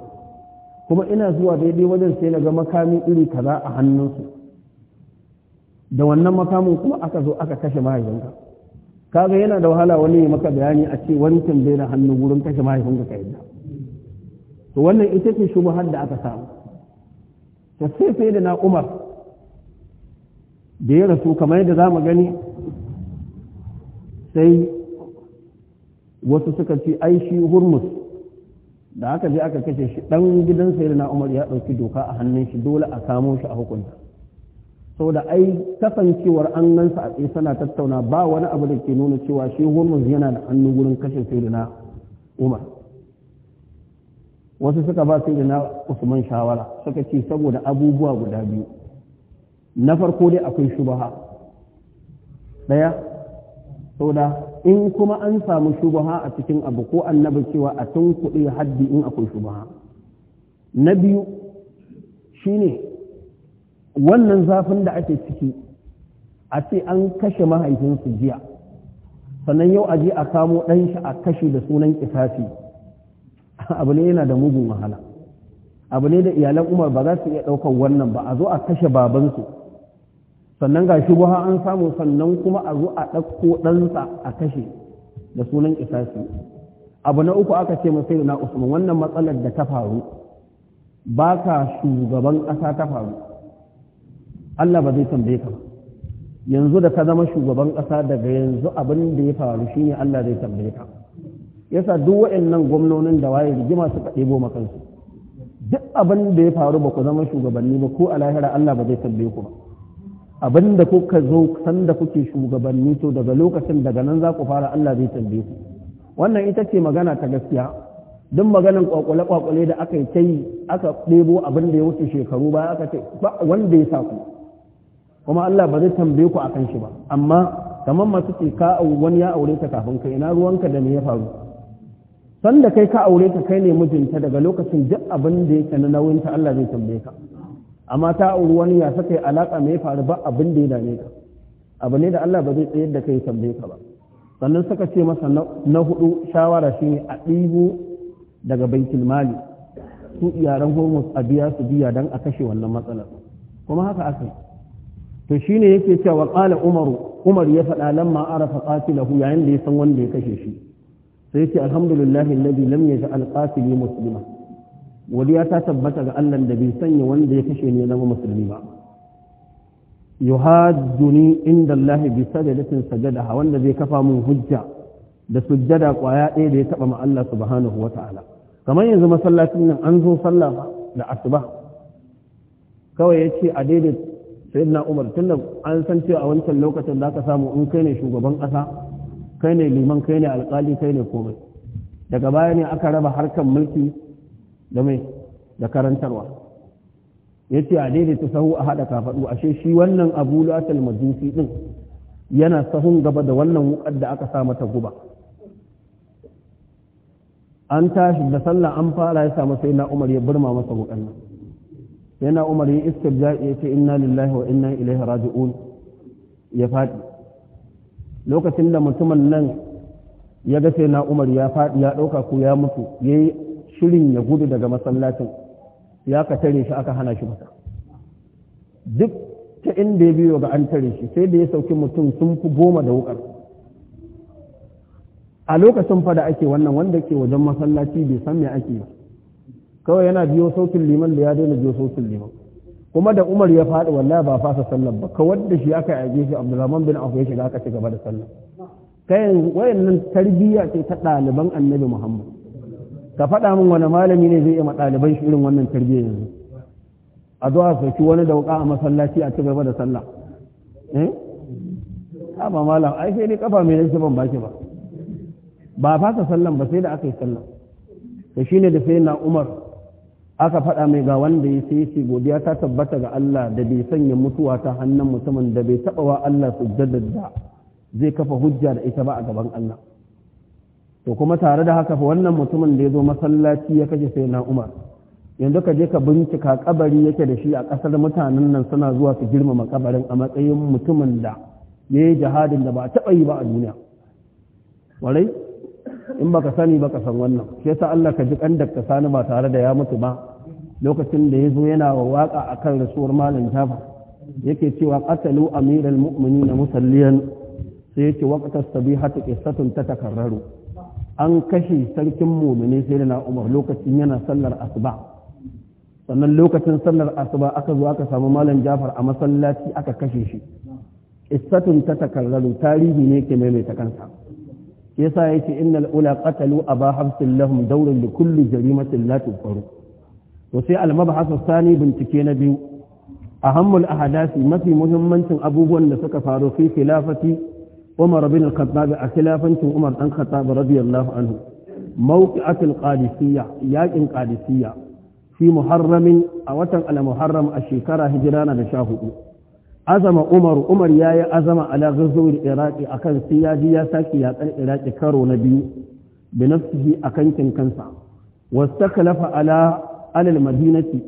kuma ina zuwa daidai wajen sai na ga makami iri kaza a hannunsu da wannan makamin kuma aka zo aka kashe mahaifinka kaga yana da wahala wani ya maka bayani a ce wancan bai da hannun wurin kashe mahaifinka ka yadda to wannan ita ce shubuhar da aka samu ta sai sai da na umar da ya rasu kamar yadda za mu gani sai wasu suka ce ai shi hurmus da aka je aka kashe shi dan gidan na umar ya ɗauki doka a hannun shi dole a kamo shi a hukunta sau da ai kasancewar an sa a tsaye sana tattauna ba wani abu da ke nuna cewa shi hurmus yana da hannu wurin kashe na umar wasu suka ba na usman shawara suka ce saboda abubuwa guda biyu na farko dai akwai shubaha ɗaya saboda in kuma an samu shubaha a cikin abu ko annabi cewa a tun kuɗi haddi in akwai shubaha na biyu shine wannan zafin da ake ciki a ce an kashe mahaifinsu jiya sannan yau a je a kamo ɗanshi a kashe da sunan kisafi abu ne yana da mugun wahala abu ne da iyalan umar ba za su iya ɗaukar wannan ba a zo a kashe babansu sannan ga shi buha an samu sannan kuma a zo a ɗauko ɗansa a kashe da sunan isasi abu na uku aka ce masai na usman wannan matsalar da ta faru ba ka shugaban ƙasa ta faru allah ba zai tambaye ka yanzu da ka zama shugaban ƙasa daga yanzu abin da ya faru shine allah zai tambaye ka yasa duk waɗannan gwamnonin da waye rigima suka ɗebo makansu duk abin da ya faru ba ku zama shugabanni ba ko a lahira allah ba zai tambaye ku ba Abin abinda kuka zo sanda kuke shugabanni to daga lokacin daga nan za ku fara Allah zai tambaye ku wannan ita ce magana ta gaskiya duk maganan kwakwale kwakwale da aka yi ta yi aka ɗebo abin da ya wuce shekaru ba aka ce ba wanda ya sa ku kuma Allah ba zai tambaye ku akan shi ba amma kamar masu ce ka wani ya aure ka kafin ka ina ruwanka da me ya faru sanda kai ka aure ka kai ne mijinta daga lokacin duk abin da yake na nauyinta Allah zai tambaye ka amma ta auri wani ya saka alaka mai faru ba abin da ya dame ka abu ne da Allah ba zai tsayar da kai tambaye ka ba sannan suka ce masa na hudu shawara shine a ɗibo daga baitul mali su iyaran hormuz a biya su biya don a kashe wannan matsalar kuma haka aka yi to ne yake cewa qala umaru umar ya faɗa lamma arafa qatilahu yayin da ya san wanda ya kashe shi sai ce alhamdulillah alladhi lam yaj'al qatili muslima ya ta tabbata ga Allah da bai sanya wanda ya kashe ni ya zama musulmi ba yuhadduni inda Allah bi sajadatin sajadaha wanda zai kafa mun hujja da sujjada kwaya ɗaya da ya taba ma Allah subhanahu wata'ala kamar yanzu masallacin nan an zo sallah da asuba kawai ya ce a daidai sayyidina Umar tun da an san cewa a wancan lokacin za ka samu in kai ne shugaban kasa kai ne liman kai ne alƙali kai ne komai daga baya ne aka raba harkar mulki da mai da karantarwa ya ce a daidaita sahu a haɗa kafaɗu ashe shi wannan abu latal majusi ɗin yana sahun gaba da wannan wukar da aka sa mata guba an tashi da sallah an fara ya samu sai na umar ya burma masa wukar nan sai na umar ya istirja'i ya ce inna lillahi wa inna ilaihi raji'un ya faɗi lokacin da mutumin nan ya ga sai na umar ya faɗi ya ɗauka ko ya mutu ya yi shirin ya gudu daga masallacin ya ka tare shi aka hana shi mata duk ta inda ya biyo ga an tare shi sai da ya sauki mutum sun fi goma da wukar a lokacin fada ake wannan wanda ke wajen masallaci bai san me ake ba kawai yana biyo sautin liman da ya daina biyo sautin liman kuma da umar ya faɗi wallahi ba fasa sallar ba kawar da shi aka yage shi abdulrahman bin auf ya shiga aka ci gaba da sallar kayan wayannan tarbiyya ce ta ɗaliban annabi muhammad ka faɗa min wani malami ne zai yi ma ɗaliban shi irin wannan tarbiyya yanzu a zuwa sauki wani da wuka a masallaci a ci gaba da sallah eh ba malam ai sai dai kafa mai nan ban baki ba ba fasa sallan ba sai da aka yi sallah. da shine da sai na Umar aka faɗa mai ga wanda ya sai shi godiya ta tabbata ga Allah da bai sanya mutuwa ta hannun mutumin da bai taɓa wa Allah sujjadar da zai kafa hujja da ita ba a gaban Allah to kuma tare da haka fa wannan mutumin da ya zo masallaci ya kashe sai na umar yanzu ka je ka bincika kabari yake da shi a ƙasar mutanen nan suna zuwa su girmama kabarin a matsayin mutumin da ya yi jihadin da ba a taɓa yi ba a duniya warai in baka sani baka san wannan shi yasa Allah ka ji kan da sani ba tare da ya mutu ba lokacin da ya zo yana wa waka akan rasuwar malam jafa yake cewa qatalu amiral mu'minin musalliyan sai yake waqtas sabihati qissatun tatakarraru an kashe sarkin mumini sai da umar lokacin yana sallar asuba sannan lokacin sallar asuba aka zo aka samu malam jafar a masallaci aka kashe shi qissatun ta takarraru tarihi ne ke maimaita kansa yasa yace innal ula qatalu aba hafsin lahum dawrun da kulli jarimatin la tufaru to sai al sani bincike na biyu ahammul ahadasi mafi muhimmancin abubuwan da suka faru fi khilafati umar bin al-khattab a khilafancin umar dan khattab radiyallahu anhu mawqi'at al-qadisiyya yaqin qadisiyya fi muharramin a watan al-muharram a shekara hijira na da 14 azama umar umar yayi azama ala ghazwil iraqi akan siyaji ya saki yaƙar iraqi karo na biyu bi nafsihi akan kin kansa wastaklafa ala alal madinati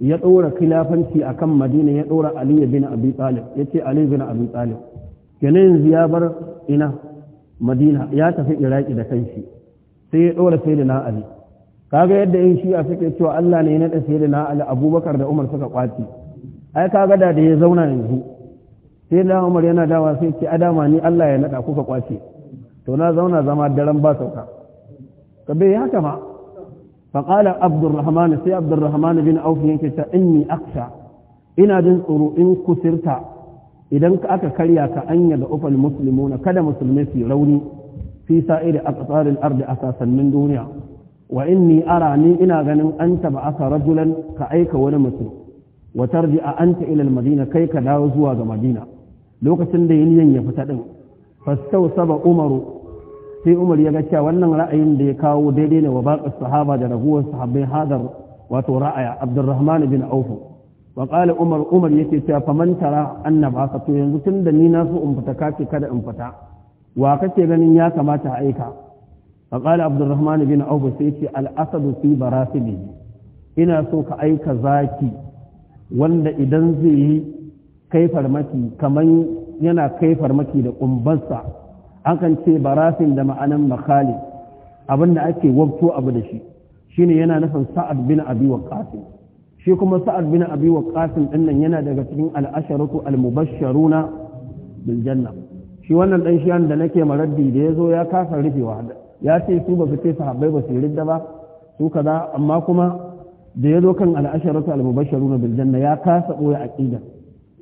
ya ɗora khilafanci a kan madina ya ɗora aliyu bin abi talib ya ce aliyu bin abi talib kene yanzu ya bar ina madina ya tafi iraki da kanshi sai ya dora sai da Ka kaga yadda yin a suke cewa allah ne na naɗa sai da na ali abubakar da umar suka kwaci ai kaga da da ya zauna yanzu sai da umar yana dawa sai ce adama ni allah ya naɗa kuka kwace to na zauna zama daren ba sauka ka bai ya kama faƙala abdurrahman sai abdurrahman bin auf yanke ta inni aksa. ina jin tsoro in kusirta idan aka karya ka anya da ufal na kada musulmai su rauni fi sa'iri arda ardi asasannin duniya wa inni ara ni ina ganin an taba aka rajulan ka aika wani mutum wa a anta ila madina kai ka dawo zuwa ga madina lokacin da yin ya fita din fastawsaba umaru sai umar ya ga cewa wannan ra'ayin da ya kawo daidai ne wa baqis sahaba da raguwar sahabbai hadar wato ra'aya abdurrahman bin auf wa qala umar umar yake cewa faman tara annaba ka to yanzu da ni na so in fita kace kada in fita wa kake ganin ya kamata a aika fa qala abdurrahman bin auf sai ce al asadu fi barasibi ina so ka aika zaki wanda idan zai yi kai farmaki kamar yana kai farmaki da kumbansa akan ce barasin da ma'anar makali abinda ake wabto abu da shi shine yana nufin sa'ad bin abi waqasim shi kuma sa'ad bin abi waqasim din nan yana daga cikin al-asharatu al-mubashsharuna bil janna shi wannan dan shi da nake maraddi da yazo ya kasa rufewa ya ce su ba su ce sahabbai ba su ridda ba su kaza amma kuma da yazo kan al-asharatu al-mubashsharuna bil janna ya kasa boye aqida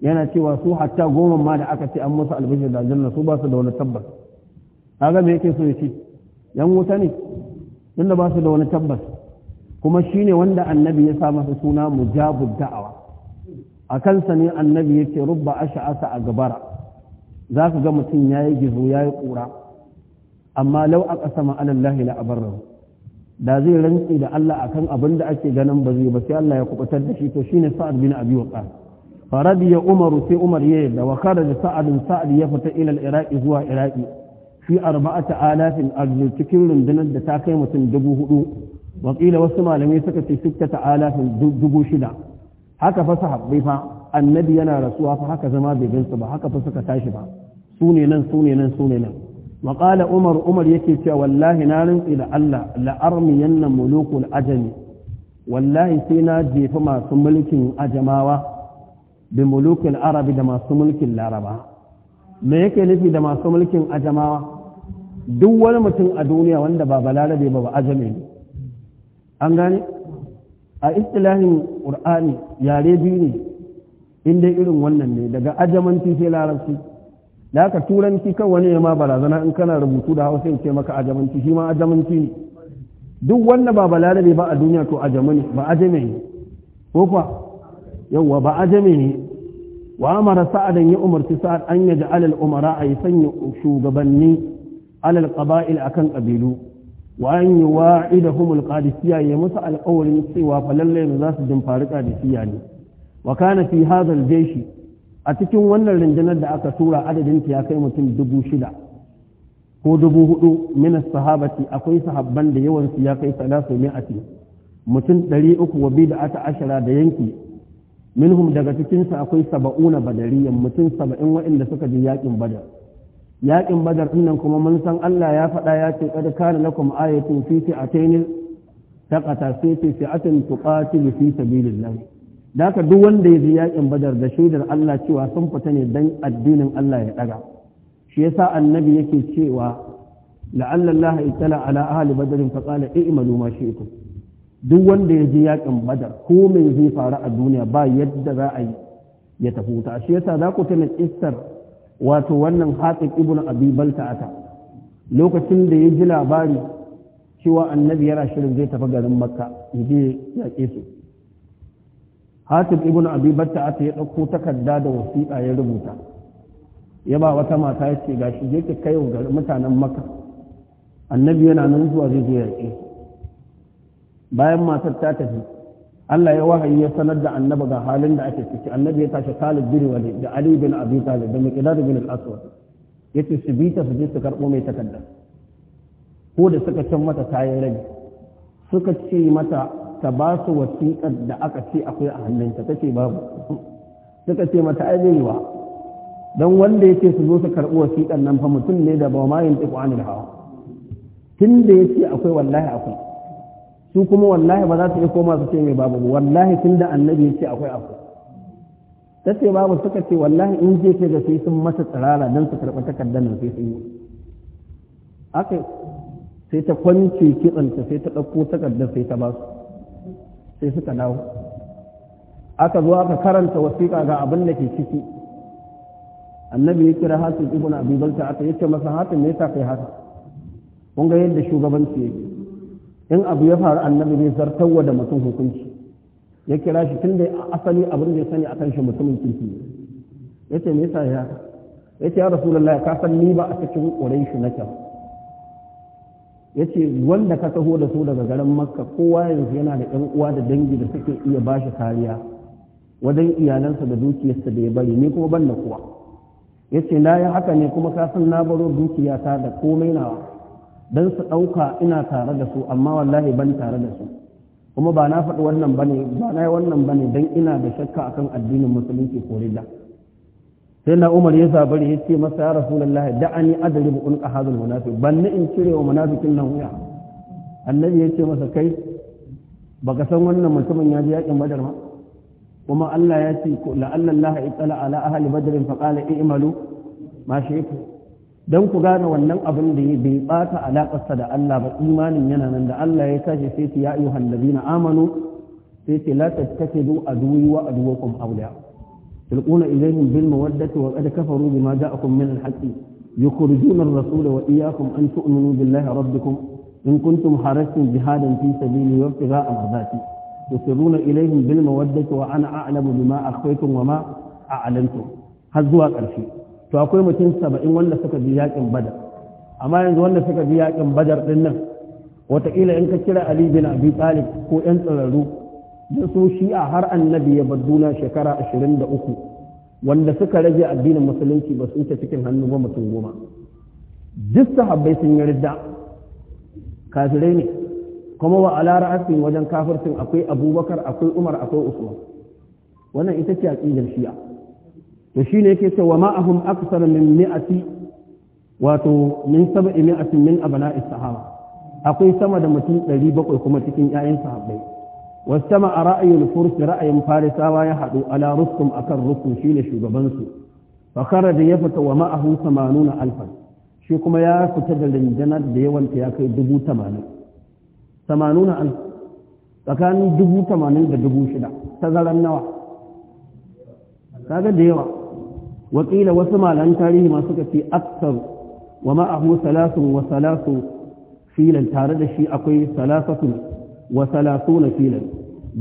yana cewa su hatta goma ma da aka ce an musu albishir da janna su ba su da wani tabbas kaga me yake so ya ce yan wuta ne tunda ba su da wani tabbas kuma shine wanda annabi ya sa masa suna mujabud da'awa a kansa ne annabi ya ce, rubba asha'asa a gabara za ka ga mutum ya yi gizo ya yi ƙura amma lau a ƙasa ma'alallahi la abarrahu da zai rantsi da Allah akan abin da ake ganin ba zai ba sai Allah ya kubutar da shi to shine sa'ad bin abi Faradi ya umaru sai umar ya da wa da sa'adin sa'ad ya fita ilal iraki zuwa iraki fi arba'ata alafin arzu cikin rundunar da ta kai mutum dubu hudu wakila wasu malamai suka ce sitta ta'ala dubu shida haka fa sahabbai fa annabi yana rasuwa fa haka zama bai gansu ba haka fa suka tashi ba su ne nan su ne nan su ne nan wa qala umar umar yake cewa wallahi na rantsi da Allah la armiyanna mulukul ajami wallahi sai na jefa masu mulkin ajamawa bi mulukul arabi da masu mulkin laraba me yake nufi da masu mulkin ajamawa duk wani mutum a duniya wanda ba balarabe ba ba ajami ne an gane a istilahin ƙur'ani yare biyu ne inda irin wannan ne daga ajamanci sai larabci da aka turanci kan wani ya ma barazana in kana rubutu da hausa ya ce maka ajamanci shi ma ajamanci ne duk wanda ba balarabe ba a duniya to ajami ne ba ajame ne ko kuwa yawwa ba ajame ne wa amara sa'adan ya umarci sa'ad an yaji alal umara a yi sanya shugabanni alal qaba'il akan kabilu wa an yi wa idahumul qadisiyya ya musu alƙawarin cewa fa lalle za su dimfari qadisiyya ne wa kana fi hadhal jayshi a cikin wannan rundunar da aka tura adadin ta ya kai mutum dubu shida ko dubu hudu min sahabati akwai sahabban da yawan su ya kai salasu mi'ati mutum ɗari uku wa ata ashira da yanki minhum daga cikinsu akwai saba'una badariyan mutum saba'in waɗanda suka je yakin badar yaƙin badar ɗinnan kuma mun san Allah ya faɗa ya ce kada kana lakum ayatun fi fi'atayn taqata fi fi'atin tuqatilu fi Da daka duk wanda ya ji yaƙin badar da shaidar Allah cewa sun fita ne dan addinin Allah ya ɗaga. shi sa annabi yake cewa la'alla Allah ittala ala ahli badr fa qala i'malu ma duk wanda ya ji yaƙin badar ko me zai faru a duniya ba yadda za a yi ya tafi wuta shi sa za ku tana kissar wato wannan hatsin ibn abi ata lokacin da ya ji labari cewa annabi yana shirin zai tafi garin makka yaje ya su hatsin ibn abi ata ya dauko takarda da wasiƙa ya rubuta ya ba wata mata yace ce gashi je ki kai mutanen makka annabi yana nan zuwa zai zo ya bayan matar ta tafi Allah ya wahayi ya sanar da annaba ga halin da ake ciki annabi ya tashi Khalid bin Walid da Ali bin Abi Talib da Miqdad bin Al-Aswad yace su bi ta su je su karbo mai takarda ko da suka can mata tayin rabi suka ce mata ta ba su wasiƙar da aka ce akwai a hannunta ta ce babu suka ce mata ai zai wa don wanda ya ce su zo su karɓi wasiƙar nan fa mutum ne da ba ma yin tsiku anil hawa tun da ya ce akwai wallahi akwai su kuma wallahi ba za su iya koma su ce mai babu wallahi tun da annabi ya ce akwai abu ta ce babu suka ce wallahi in je ce da sai sun masa tsirara don su karɓi takardar nan sai sun yi aka sai ta kwance kitsanta sai ta ɗauko takardar sai ta ba su sai suka dawo aka zo aka karanta wasiƙa ga abin da ke ciki annabi ya kira hasin ibn abi balta aka yace masa hatin me yasa kai haka kun ga yadda shugabanci yake in abu ya faru annabi zai zartarwa da mutum hukunci ya kira shi tun da asali abin da ya sani akan shi mutumin kirki ne ya ce me yasa ya ya ce ya rasulullahi ka san ni ba a cikin na na ya ce wanda ka taho da su daga garin makka kowa yanzu yana da ƴan uwa da dangi da suke iya ba shi kariya wajen iyalansa da dukiyarsa da ya bari ni kuma ban da kowa ya ce na yi haka ne kuma ka san na baro dukiyata da komai nawa don su ɗauka ina tare da su amma wallahi ban tare da su kuma ba na faɗi wannan ba ne ba na yi wannan ba ne don ina da shakka akan addinin musulunci ko rida sai na umar ya sabari ya ce masa ya rasulullahi da'ani adribu unqa hadhal munafi ban ni in cire wa munafikin nan wuya annabi ya ce masa kai baka san wannan mutumin ya ji yakin badar ma kuma Allah ya ce la'alla Allah ya ala ahli badr fa qala i'malu ma don ku gane wannan abin da ya bai bata alaƙarsa da Allah ba imanin yana nan da Allah ya tashi sai ce ya ayu na amanu sai ce la tattakidu aduwi wa aduwakum awliya tulquna ilayhim bil mawaddati wa qad kafaru bima ja'akum min al haqqi yukhrijuna ar-rasula wa iyyakum an tu'minu billahi rabbikum in kuntum harastum jihadan fi sabili wa ibtigha'a mardati tusirruna ilayhim bil mawaddati wa ana a'lamu bima akhfaytum wa ma a'lantum har zuwa ƙarshe to akwai mutum saba'in wanda suka bi yaƙin badar amma yanzu wanda suka bi yaƙin badar ɗin nan wataƙila in ka kira ali bin abi talib ko yan tsararru da su shi'a har annabi ya bar duna shekara ashirin da uku wanda suka rage addinin musulunci ba su wuce cikin hannu ba mutum goma duk sahabbai sun yi ridda kafirai ne kuma wa ala ra'asin wajen kafircin akwai abubakar akwai umar akwai usman wannan ita ce aqidar shi'a to shi shine yake ce wa ma'ahum aksar min mi'ati wato min sab'i mi'atin min abna'i sahaba akwai sama da mutum 700 kuma cikin ƴaƴan sahabbai sama a ra'ayin furs ra'ayin farisawa ya haɗu ala rustum akan rustum shine shugaban su fa kharaja ya fita wa ma'ahu 80 alfan shi kuma ya fita da rinjana da yawan ta ya kai 80 80 alfan tsakanin 80 da 6000 tazaran nawa kaga da yawa wakila wasu malan tarihi masu suka ce aktar wa salasun wa salasu filan tare da shi akwai salasatun wa salasuna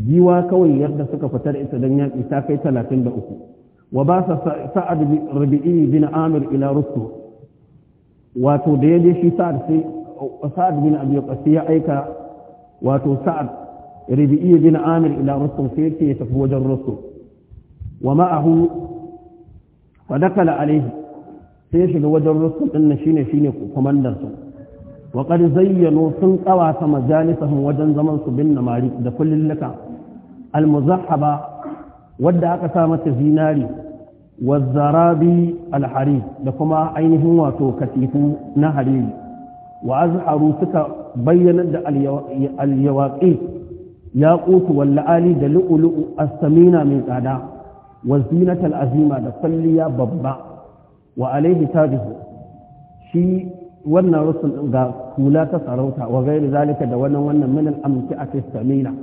giwa kawai yarda suka da ita don yaƙi ta kai talatin da uku wa ba sa sa'ad rabi'i bin amir ila rustu wato da ya je shi sa'ad bin abi qasi ya aika amir ila sai ya tafi wajen rustu fa dakala alaihi sai ya shiga wajen rustum din nan shine shine komandar su wa qad zayyano sun qawata majalisahum wajen zaman su bin namari da kullillaka al muzahhaba wadda aka sa mata zinari wa zarabi al harir da kuma ainihin wato katifu na hariri wa azharu suka bayyana da al yawaqi ya qutu wal ali da lu'lu'u as-samina mai tsada wa zinatal azima da kwalliya babba wa alaihi tajihu shi wannan rusul ga kula ta sarauta wa gairi zalika da wannan wannan minal amki a samina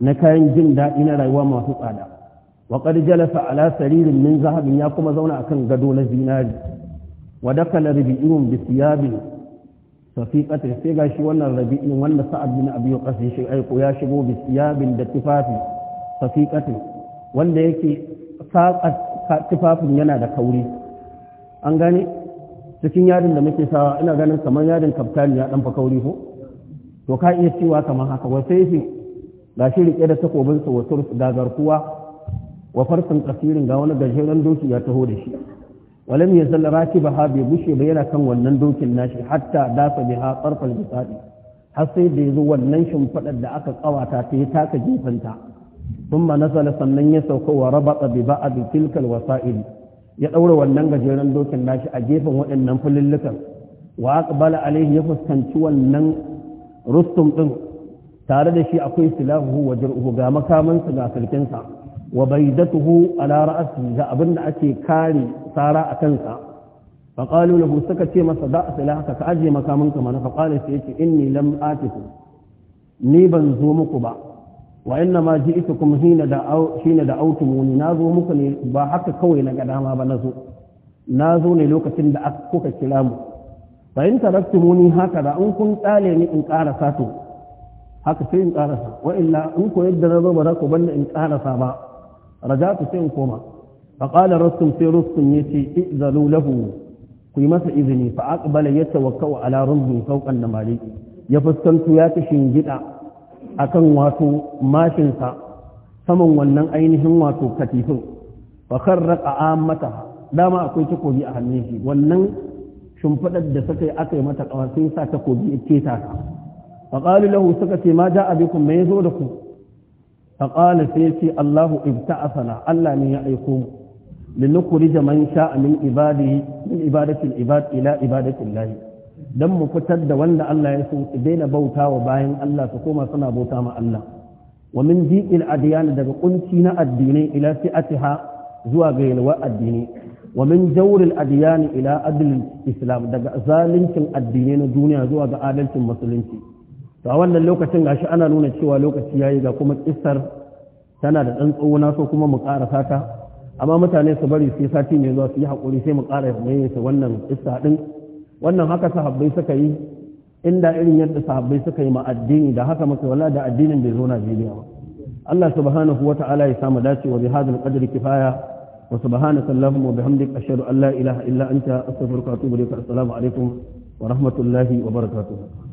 na kayan jin daɗi na rayuwa masu tsada Waƙar qad jalasa ala saririn min zahabin ya kuma zauna akan gado na zinari wa rabi'un bi thiyabin safiqatin sai ga shi wannan rabi'in wanda sa'ad bin abi waqas ya shigo ya shigo bi thiyabin da tufafi safiqatin wanda yake saƙa tufafin yana da kauri an gane cikin yadin da muke sawa ina ganin kamar yadin kaftani ya ɗanfa kauri ko to ka iya cewa kamar haka wa sai ga shi riƙe da takobinsa wa turf ga garkuwa wa farsin kasirin ga wani gajeren doki ya taho da shi walam ya zalla raki ba bai bushe ba yana kan wannan dokin nashi hatta dafa ha tsarfal bisadi har sai da ya zo wannan shimfiɗar da aka ƙawata ta yi taka jifanta. thumma nazala sannan ya sauka wa rabata bi ba'd tilkal ya daura wannan gajeren dokin nashi a gefen waɗannan fulillukan wa aqbala alaihi ya fuskanci wannan rustum din tare da shi akwai silahu wa jir'uhu ga makamansa ga filkinsa wa baidatuhu ala ra'asi ga abin da ake kare tsara a kansa fa qalu lahu suka ce masa da silaha ka aje makamanka mana fa qala sai yace inni lam atiku ni ban zo muku ba wa inna ma ji'tukum hina da hina da autumuni nazo muku ne ba haka kawai na gadama ba nazo nazo ne lokacin da kuka kira mu fa in taraktumuni haka da in kun tsale ni in karasa to haka sai in karasa wa illa in ko yadda nazo ba za ku banda in karasa ba rajatu sai in koma fa qala rustum sai rustum yace izalu lahu ku yi masa izini fa aqbala yatawakkau ala rumhi fawqa an-namali ya fuskantu ya ta gida. akan wato mashinsa saman wannan ainihin wato katifin wa kharraqa amata dama akwai takobi a hannun shi wannan shimfiɗar da suka yi aka yi mata kawar sun sa takobi ya keta ta fa qalu lahu suka ce ma ja'a bikum me yazo da ku fa qala sai ce Allahu ibta'asana Allah ne ya aiko mu linukhrij man sha'a min ibadihi min ibadati al-ibad ila ibadati Allah don mu fitar da wanda Allah ya so su daina bauta wa bayan Allah su koma suna bauta ma Allah wa min diqil adyan daga kunci na addinai ila fi'atiha zuwa ga yalwa addinai wa min jawril adiyani ila adl islam daga zalincin addinai na duniya zuwa ga adalcin musulunci to a wannan lokacin gashi ana nuna cewa lokaci yayi ga kuma kissar tana da dan tsawo na so kuma mu ƙara sata amma mutane su bari sai sati mai zuwa su yi hakuri sai mu karasa mai wannan kissa din wannan haka sahabbai suka yi inda irin yadda sahabbai suka yi ma addini da haka maka wala da addinin bai zo Najeriya ba Allah subhanahu wa ta'ala ya samu dace wa bihadhal qadri kifaya wa subhanaka allahumma wa bihamdika ashhadu an la ilaha illa anta astaghfiruka wa atubu ilaik assalamu alaikum wa rahmatullahi wa barakatuh